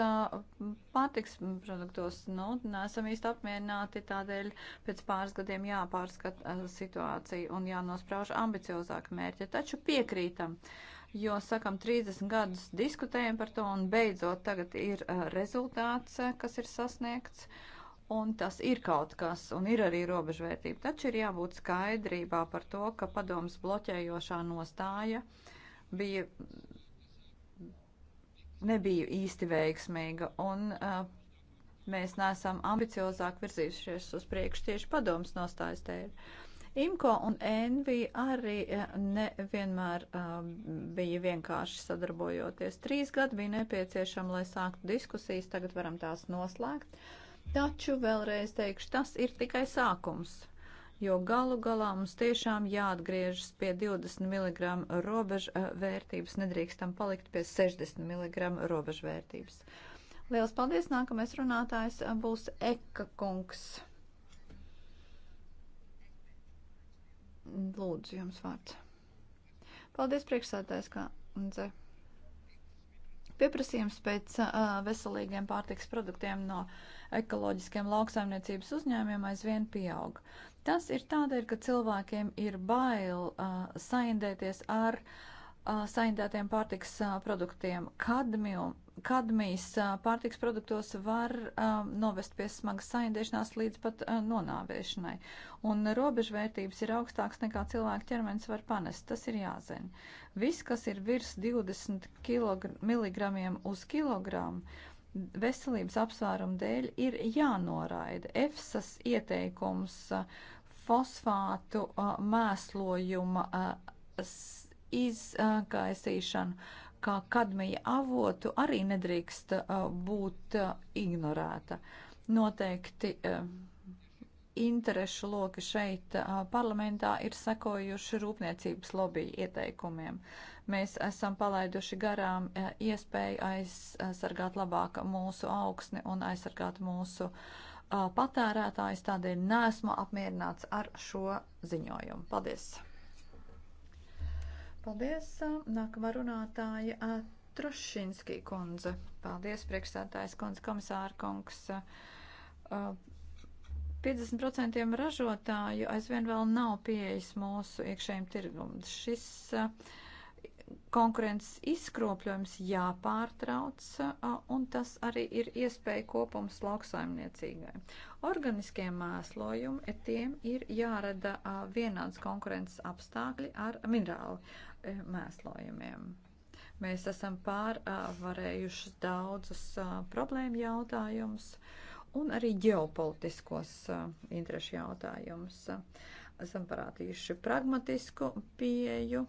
pārtiks produktos. Nu, nesam īsti apmierināti, tādēļ pēc pāris gadiem jāpārskata situācija un jānosprauž ambiciozāk mērķi. Taču piekrītam, jo, sakam, 30 gadus diskutējam par to un beidzot tagad ir rezultāts, kas ir sasniegts. Un tas ir kaut kas, un ir arī robežvērtība. Taču ir jābūt skaidrībā par to, ka padomas bloķējošā nostāja bija nebiju īsti veiksmīga, un uh, mēs neesam ambiciozāk virzījušies uz priekšu tieši padomas nostājas dēļ. IMCO un ENVI arī nevienmēr uh, bija vienkārši sadarbojoties. Trīs gadi bija nepieciešama, lai sāktu diskusijas, tagad varam tās noslēgt. Taču vēlreiz teikšu, tas ir tikai sākums jo galu galā mums tiešām jāatgriežas pie 20 mg robeža eh, vērtības, nedrīkstam palikt pie 60 mg robeža vērtības. Liels paldies! Nākamais runātājs eh, būs Eka kungs. Lūdzu, jums vārds. Paldies, priekšsētājs, kā dze. Pieprasījums pēc uh, veselīgiem pārtiks produktiem no ekoloģiskiem lauksaimniecības uzņēmiem aizvien pieaug. Tas ir tādēļ, ka cilvēkiem ir bail uh, saindēties ar uh, saindētiem pārtiks produktiem, kadmium, kadmijas pārtiks produktos var um, novest pie smagas saindēšanās līdz pat uh, nonāvēšanai. Un robežvērtības ir augstāks nekā cilvēka ķermenis var panest. Tas ir jāzina. Viss, kas ir virs 20 mg uz kilogramu, veselības apsvērumu dēļ ir jānoraida. EFSAS ieteikums uh, fosfātu uh, mēslojuma uh, izkaisīšanu. Uh, kā kadmija avotu, arī nedrīkst uh, būt uh, ignorēta. Noteikti uh, interešu loki šeit uh, parlamentā ir sekojuši rūpniecības lobby ieteikumiem. Mēs esam palaiduši garām uh, iespēju aizsargāt labāk mūsu augsni un aizsargāt mūsu uh, patērētājus, tādēļ neesmu apmierināts ar šo ziņojumu. Paldies! Paldies. Nākamā runātāja Trošinskī kundze. Paldies, priekšstādātājs kundze, komisāra kungs. 50% ražotāju aizvien vēl nav pieejas mūsu iekšējiem tirgum. Šis konkurences izkropļojums jāpārtrauc, un tas arī ir iespēja kopums lauksaimniecīgai. Organiskie mēslojumi tiem ir jārada vienāds konkurences apstākļi ar minerāli E, mēslojumiem. Mēs esam pārvarējuši daudzus problēmu jautājumus un arī ģeopolitiskos interešu jautājumus. Esam parādījuši pragmatisku pieju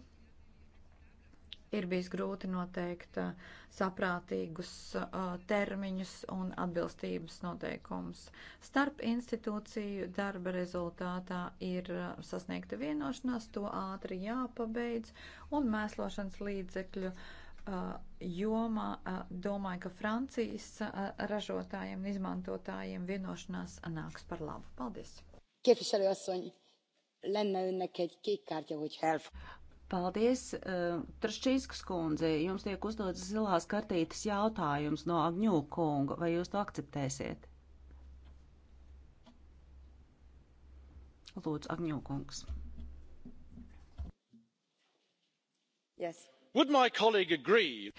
ir bijis grūti noteikt eh, saprātīgus eh, termiņus un atbilstības noteikumus. Starp institūciju darba rezultātā ir eh, sasniegta vienošanās, to ātri jāpabeidz, un mēslošanas līdzekļu jomā domāju, ka Francijas ražotājiem un izmantotājiem vienošanās nāks par labu. Paldies! Képviselő asszony, lenne önnek egy kék kártya, hogy help. Paldies, uh, eh, Trašķīskas kundze, jums tiek uzdots zilās kartītes jautājums no Agņū kunga, vai jūs to akceptēsiet? Lūdzu, Agņū kungs. Yes. Would my colleague agree?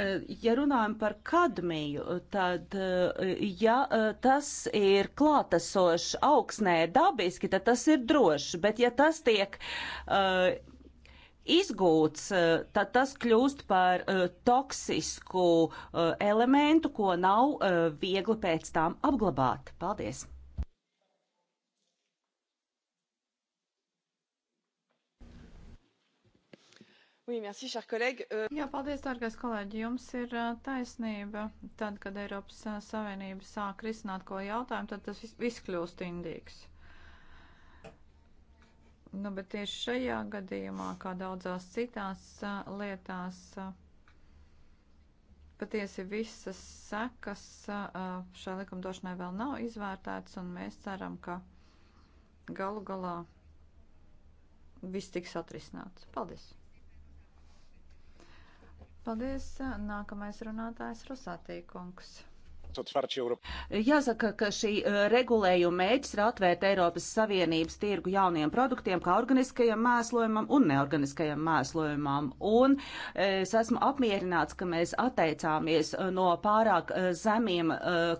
Eh, ja runājam par kadmiju, tad, eh, ja eh, tas ir klātesošs augsnē dabiski, tad tas ir drošs, bet ja tas tiek uh, izgūts, tad tas kļūst par uh, toksisku uh, elementu, ko nav viegli pēc tām apglabāt. Paldies! Oui, merci, cher collègue. Euh, Jā, paldies, dārgais kolēģi. Jums ir taisnība. Tad, kad Eiropas Savienība sāk risināt ko jautājumu, tad tas viss kļūst indīgs. Nu, bet tieši šajā gadījumā, kā daudzās citās a, lietās, a, patiesi visas sekas šai likumdošanai vēl nav izvērtētas, un mēs ceram, ka galu galā viss tiks atrisināts. Paldies! Paldies. Nākamais runātājs Rosātī kungs. Jāsaka, ka šī uh, regulējuma mēģis ir atvērt Eiropas Savienības tirgu jauniem produktiem, kā organiskajam mēslojumam un neorganiskajam mēslojumam. Un uh, es esmu apmierināts, ka mēs atteicāmies uh, no pārāk zemiem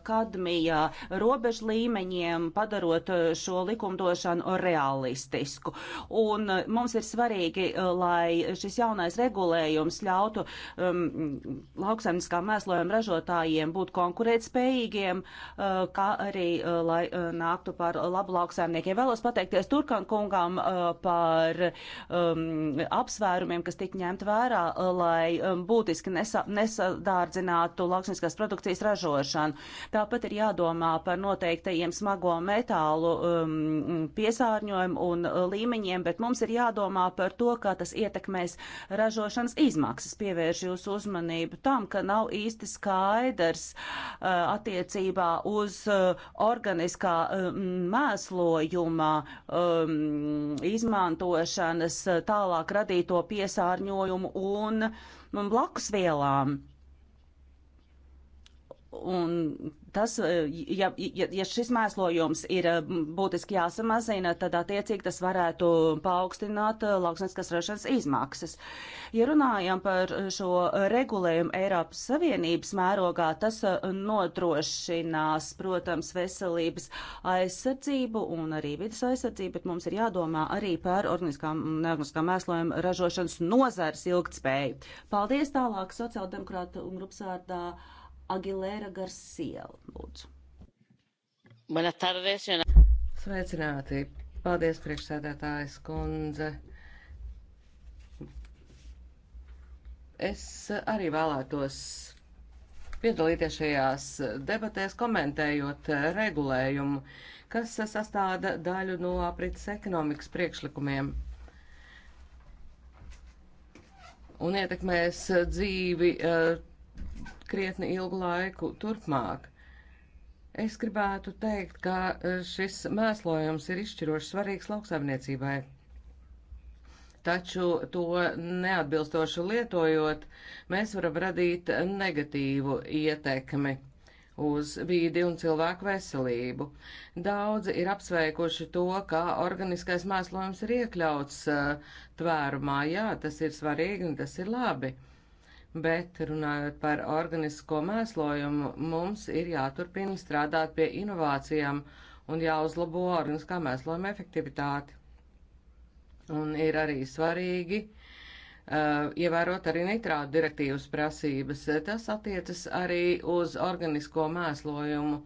kadmija robežu līmeņiem, padarot šo likumdošanu realistisku. Un mums ir svarīgi, lai šis jaunais regulējums ļautu um, lauksaimniskā mēslojuma ražotājiem būt konkurēt konkurētspējīgiem, uh, kā arī, uh, lai uh, nāktu par labu lauksaimniekiem. Vēlos pateikties Turkan kungam par um, apsvērumiem, kas tika ņemt vērā, lai um, būtiski nesa, nesadārdzinātu lauksniskās produkcijas ražošanu. Tāpat ir jādomā par noteiktajiem smago metālu um, piesārņojumu un līmeņiem, bet mums ir jādomā par to, kā tas ietekmēs ražošanas izmaksas. Pievērš jūsu uzmanību tam, ka nav īsti skaidrs, uh, Eh, attiecībā uz eh, organiskā eh, mēslojuma izmantošanas tālāk radīto piesārņojumu un blakusvielām. Un Tas, e, ja, ja, ja šis mēslojums ir e, būtiski jāsamazina, tad attiecīgi tas varētu paaugstināt e, lauksneskas rašanas izmaksas. Ja runājam par šo regulējumu Eiropas Savienības mērogā, tas nodrošinās, protams, veselības aizsardzību un arī vidas aizsardzību, bet mums ir jādomā arī par organiskām, neorganiskām mēslojuma ražošanas nozares ilgtspēju. Paldies tālāk sociāldemokrāta un grupas vārdā. Agilēra Garcia, lūdzu. Buenas tardes, Jana. Sveicināti. Paldies, priekšsēdētājas kundze. Es arī vēlētos piedalīties šajās debatēs, komentējot regulējumu, kas sastāda daļu no aprits ekonomikas priekšlikumiem un ietekmēs dzīvi eh, krietni ilgu laiku turpmāk. Es gribētu teikt, ka e, šis mēslojums ir izšķiroši svarīgs lauksaimniecībai. Taču to neatbilstoši lietojot, mēs varam radīt negatīvu ietekmi uz vīdi un cilvēku veselību. Daudzi ir apsveikuši to, ka organiskais mēslojums ir iekļauts e, tvērumā. Jā, tas ir svarīgi un tas ir labi. Uh, Bet runājot par organisko mēslojumu, mums ir jāturpina strādāt pie inovācijām un jāuzlabo organiskā mēslojuma efektivitāti. Un ir arī svarīgi uh, ievērot arī nitrātu direktīvas prasības. Tas attiecas arī uz organisko mēslojumu,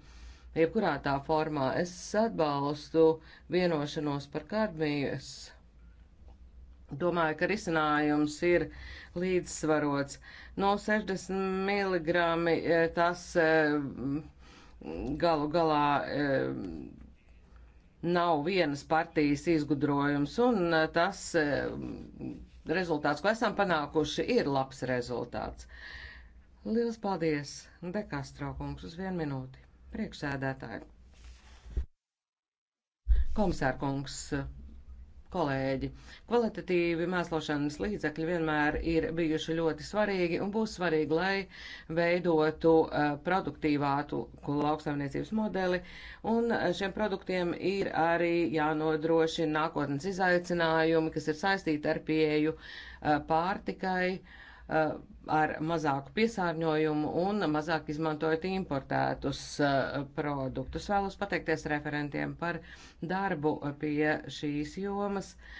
jebkurā tā formā. Es atbalstu vienošanos par kadmijas. Domāju, ka risinājums ir uh, līdzsvarots. No 60 mg tas eh, galu galā eh, nav vienas partijas izgudrojums, un eh, tas rezultāts, ko esam panākuši, ir labs rezultāts. Lielas paldies, Dekastro kungs, uz vienu minūti. Priekšsēdētāji. Komisārkungs kolēģi. Kvalitatīvi mēslošanas līdzekļi vienmēr ir bijuši ļoti svarīgi un būs svarīgi, lai veidotu eh, produktīvātu lauksaimniecības modeli, un eh, šiem produktiem ir arī jānodrošina nākotnes izaicinājumi, kas ir saistīti ar pieeju eh, pārtikai Uh, ar mazāku piesārņojumu un mazāk izmantojot importētus uh, produktus. Vēlos pateikties referentiem par darbu pie šīs jomas. Uh,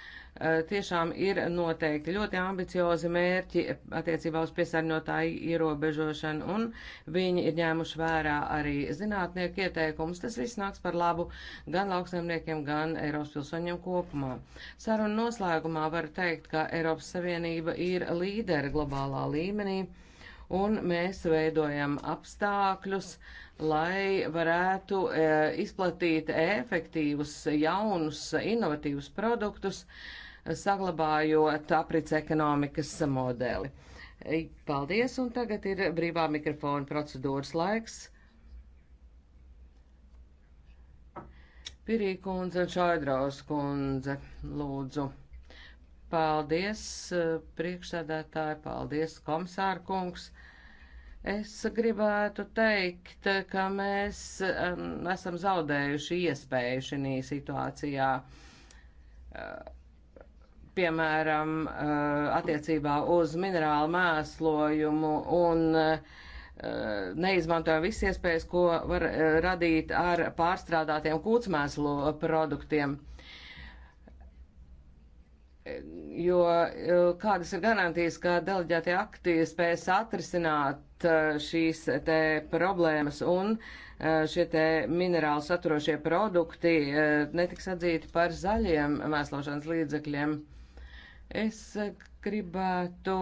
Eh, tiešām ir noteikti ļoti ambiciozi mērķi attiecībā uz piesārņotāju ierobežošanu, un viņi ir ņēmuši vērā arī zinātnieku ieteikumus. Tas viss nāks par labu gan lauksaimniekiem, gan Eiropas pilsoņiem kopumā. Sarunu noslēgumā var teikt, ka Eiropas Savienība ir līdera globālā līmenī, un mēs veidojam apstākļus, lai varētu e, izplatīt efektīvus, jaunus, inovatīvus produktus, e, saglabājot aprits ekonomikas modeli. Paldies, un tagad ir brīvā mikrofona procedūras laiks. Pirī kundze un Šaidraus kundze, lūdzu. Paldies, priekšsēdētāji, paldies, komisāra kungs. Es gribētu teikt, ka mēs um, esam zaudējuši iespēju šī situācijā. Uh, piemēram, eh, attiecībā uz minerālu mēslojumu un eh, neizmantojam visas iespējas, ko var eh, radīt ar pārstrādātiem kūtsmēslu produktiem. Jo kādas ir garantijas, ka deleģētie akti spēs atrisināt šīs te problēmas un šie te minerāli saturošie produkti netiks atzīti par zaļiem mēslošanas līdzekļiem? Es gribētu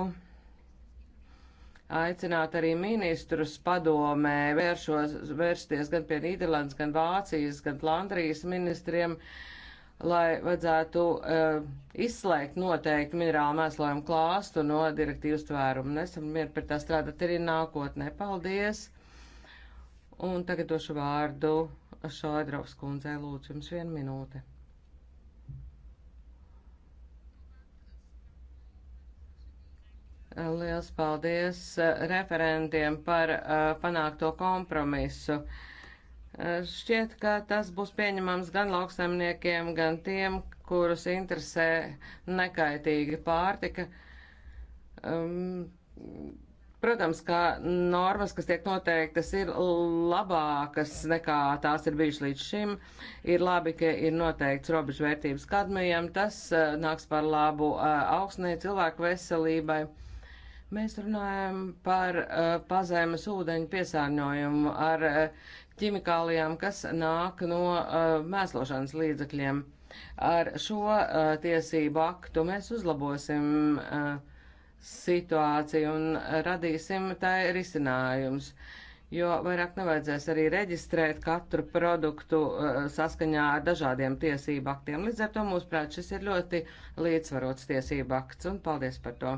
aicināt arī ministrus padomē vēršos, vērsties gan pie Nīderlandes, gan Vācijas, gan Flandrijas ministriem, lai vajadzētu uh, izslēgt noteikti minerālu mēslojumu klāstu no direktīvas tvērumu. Nesam mieru par tā strādāt arī nākotnē. Paldies! Un tagad došu vārdu Šoidrovs kundzei. Lūdzu, jums vienu minūti. Liels paldies eh, referentiem par eh, panākto kompromisu. Eh, šķiet, ka tas būs pieņemams gan lauksaimniekiem, gan tiem, kurus interesē nekaitīga pārtika. Um, Protams, ka normas, kas tiek noteiktas, ir labākas nekā tās ir bijušas līdz šim. Ir labi, ka ir noteikts robežvērtības kadmijam. Tas uh, nāks par labu uh, augsnē cilvēku veselībai. Uh, Mēs runājam par uh, pazemes ūdeņu piesārņojumu ar uh, ķimikālijām, kas nāk no uh, mēslošanas līdzekļiem. Ar šo uh, tiesību aktu mēs uzlabosim uh, situāciju un radīsim tai risinājums, jo vairāk nevajadzēs arī reģistrēt katru produktu uh, saskaņā ar dažādiem tiesību aktiem. Līdz ar to, mūsuprāt, šis ir ļoti līdzsvarots tiesību akts un paldies par to!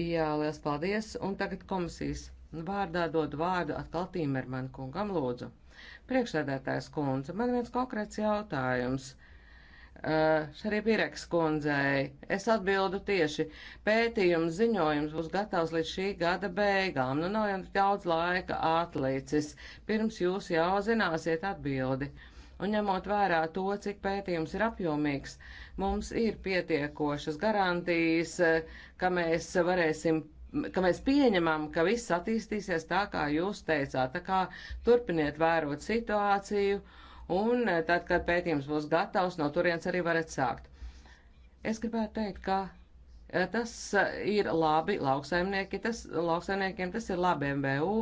Jā, liels paldies. Un tagad komisijas vārdā dod vārdu atkal Tīmerman kungam lūdzu. Priekšsēdētājs kundze, man viens konkrēts jautājums. Uh, Šarī Pireks kundzei, es atbildu tieši, pētījums ziņojums būs gatavs līdz šī gada beigām, nu nav jau daudz laika atlicis, pirms jūs jau zināsiet atbildi. Uh, Un ņemot vērā to, cik pētījums ir apjomīgs, mums ir pietiekošas garantijas, ka mēs varēsim ka mēs pieņemam, ka viss attīstīsies tā, kā jūs teicāt. Tā kā turpiniet vērot situāciju, un tad, kad pētījums būs gatavs, no turienes arī varat sākt. Es gribētu teikt, ka eh, tas eh, ir labi lauksaimnieki, tas, lauksaimniekiem, tas ir labi MVU,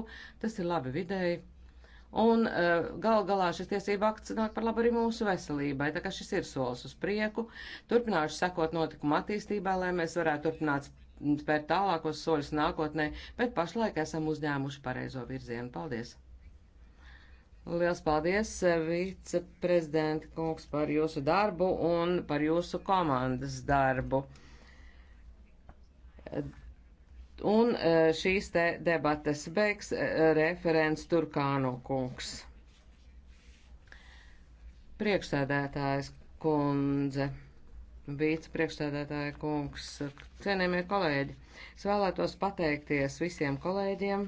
tas ir labi vidēji Un eh, gal galā šis tiesība akts nāk par labu arī mūsu veselībai, tā kā šis ir solis uz prieku. Turpināšu sekot notikuma attīstībai, lai mēs varētu turpināt spērt tālākos soļus nākotnē, bet pašlaik esam uzņēmuši pareizo virzienu. Paldies! Liels paldies, eh, viceprezidenta kungs, par jūsu darbu un par jūsu komandas darbu Un e, šīs te debates beigs e, referents Turkāno kungs. Priekšsēdētājs kundze, vicepriekšsēdētāja kungs, cienījamie kolēģi, es vēlētos pateikties visiem kolēģiem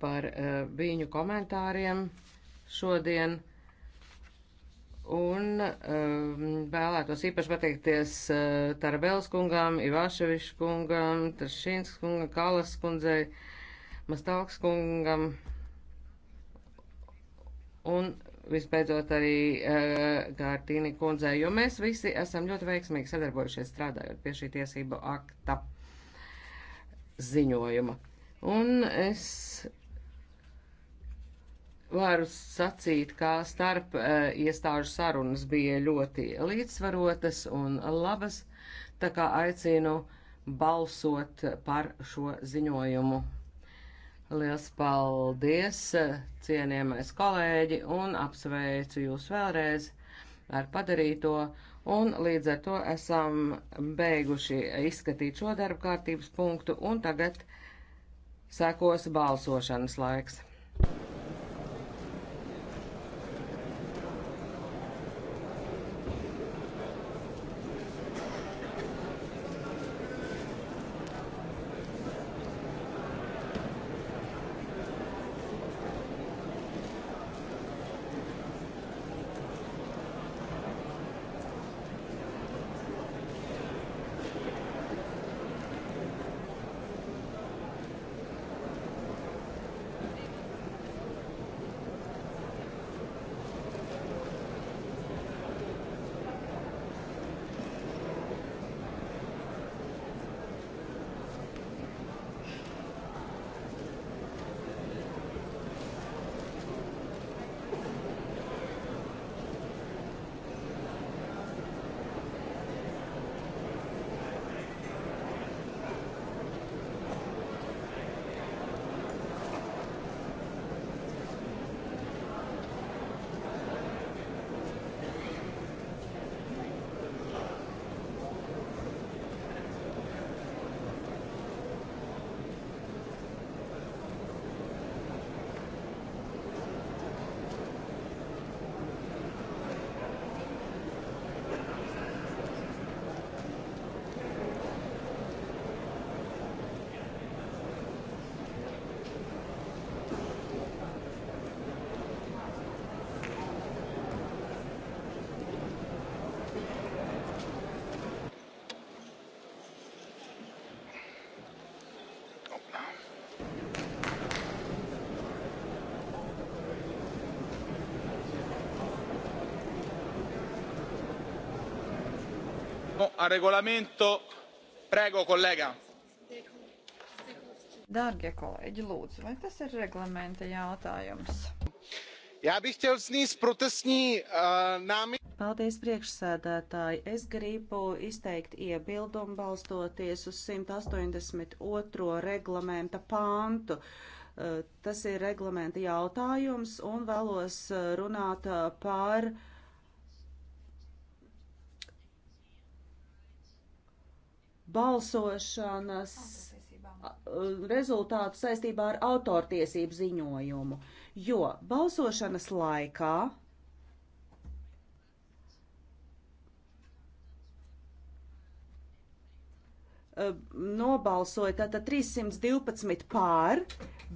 par uh, viņu komentāriem šodien. Un um, vēlētos īpaši pateikties uh, Tarabels kungām, Ivaševišs kungam, Tašīns kungam, Kalas kundzei, Mastalks kungam un visbeidzot arī uh, Gārtīni kundzei, jo mēs visi esam ļoti veiksmīgi sadarbojušies strādājot pie šī tiesību akta ziņojuma. Un es varu sacīt, ka starp uh, iestāžu sarunas bija ļoti līdzsvarotas un labas, tā kā aicinu balsot par šo ziņojumu. Liels paldies, cienījamais kolēģi, un apsveicu jūs vēlreiz ar padarīto, un līdz ar to esam beiguši izskatīt šo darba kārtības punktu, un tagad sekos balsošanas laiks. al regolamento. Prego, kolēģa. Dārgie kolēģi, lūdzu, vai tas ir reglamenta jautājums? Jā, bija ķēlis nīs protestní uh, eh, nāmi. Paldies, priekšsēdētāji. Es gribu izteikt iebildumu balstoties uz 182. reglamenta pāntu. Uh, eh, tas ir reglamenta jautājums un vēlos eh, runāt par uh, balsošanas rezultātu saistībā ar autortiesību ziņojumu, jo balsošanas laikā nobalsoja tātad 312 pār,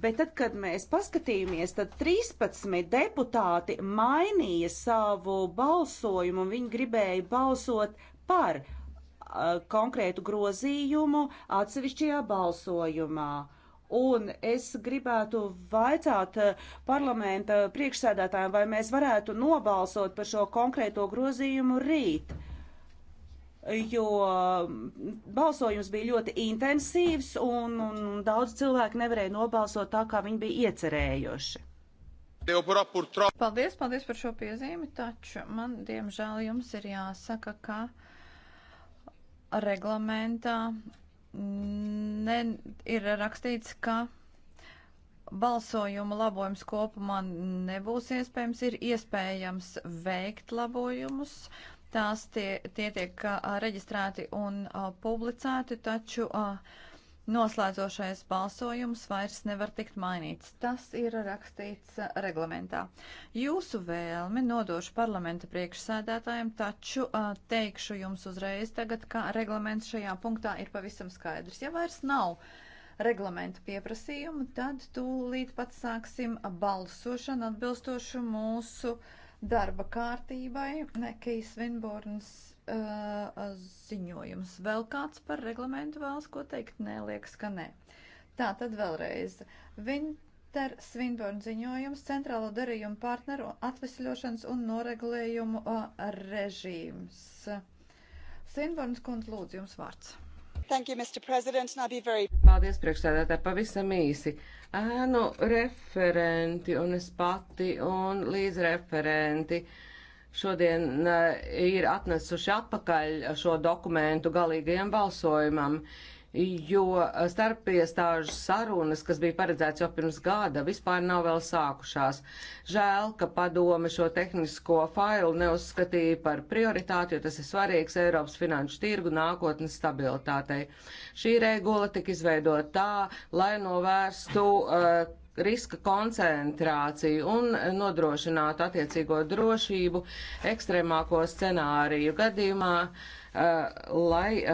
bet tad, kad mēs paskatījāmies, tad 13 deputāti mainīja savu balsojumu un viņi gribēja balsot par Eh, konkrētu grozījumu atsevišķajā balsojumā. Un es gribētu vaicāt eh, parlamenta priekšsēdētājiem, vai mēs varētu nobalsot par šo konkrēto grozījumu rīt, jo mm, balsojums bija ļoti intensīvs un, un daudz cilvēku nevarēja nobalsot tā, kā viņi bija iecerējuši. Paldies, paldies par šo piezīmi, taču man, diemžēl, jums ir jāsaka, ka reglamentā ne, ir rakstīts, ka balsojuma labojums kopumā nebūs iespējams, ir iespējams veikt labojumus. Tās tie, tie tiek uh, reģistrēti un uh, publicēti, taču uh, Noslēdzošais balsojums vairs nevar tikt mainīts. Tas ir rakstīts uh, reglamentā. Jūsu vēlmi nodošu parlamenta priekšsēdētājiem, taču uh, teikšu jums uzreiz tagad, ka reglaments šajā punktā ir pavisam skaidrs. Ja vairs nav reglamenta pieprasījumu, tad tūlīt pat sāksim balsošanu atbilstošu mūsu darba kārtībai. Keis Vinborns uh, ziņojums. Vēl kāds par reglamentu vēlas ko teikt? Nē, liekas, ka nē. Tā tad vēlreiz. Vinter Svinborn ziņojums centrālo darījumu partneru atvesļošanas un noregulējumu uh, režīms. Svinborns kundz, lūdzu, jums vārds. Thank you, Mr. President, and I'll be very... Paldies, priekšsēdētāji, pavisam īsi. Ēnu referenti un es pati un līdzreferenti. referenti šodien eh, ir atnesuši atpakaļ šo dokumentu galīgajam balsojumam. Uh, jo starpiestāžu sarunas, kas bija paredzēts jau pirms gada, vispār nav vēl sākušās. Žēl, ka padome šo tehnisko failu neuzskatīja par prioritāti, jo tas ir svarīgs Eiropas finanšu tirgu nākotnes stabilitātei. Šī regula tika izveidota tā, lai novērstu uh, riska koncentrāciju un nodrošinātu attiecīgo drošību ekstrēmāko scenāriju gadījumā, uh, lai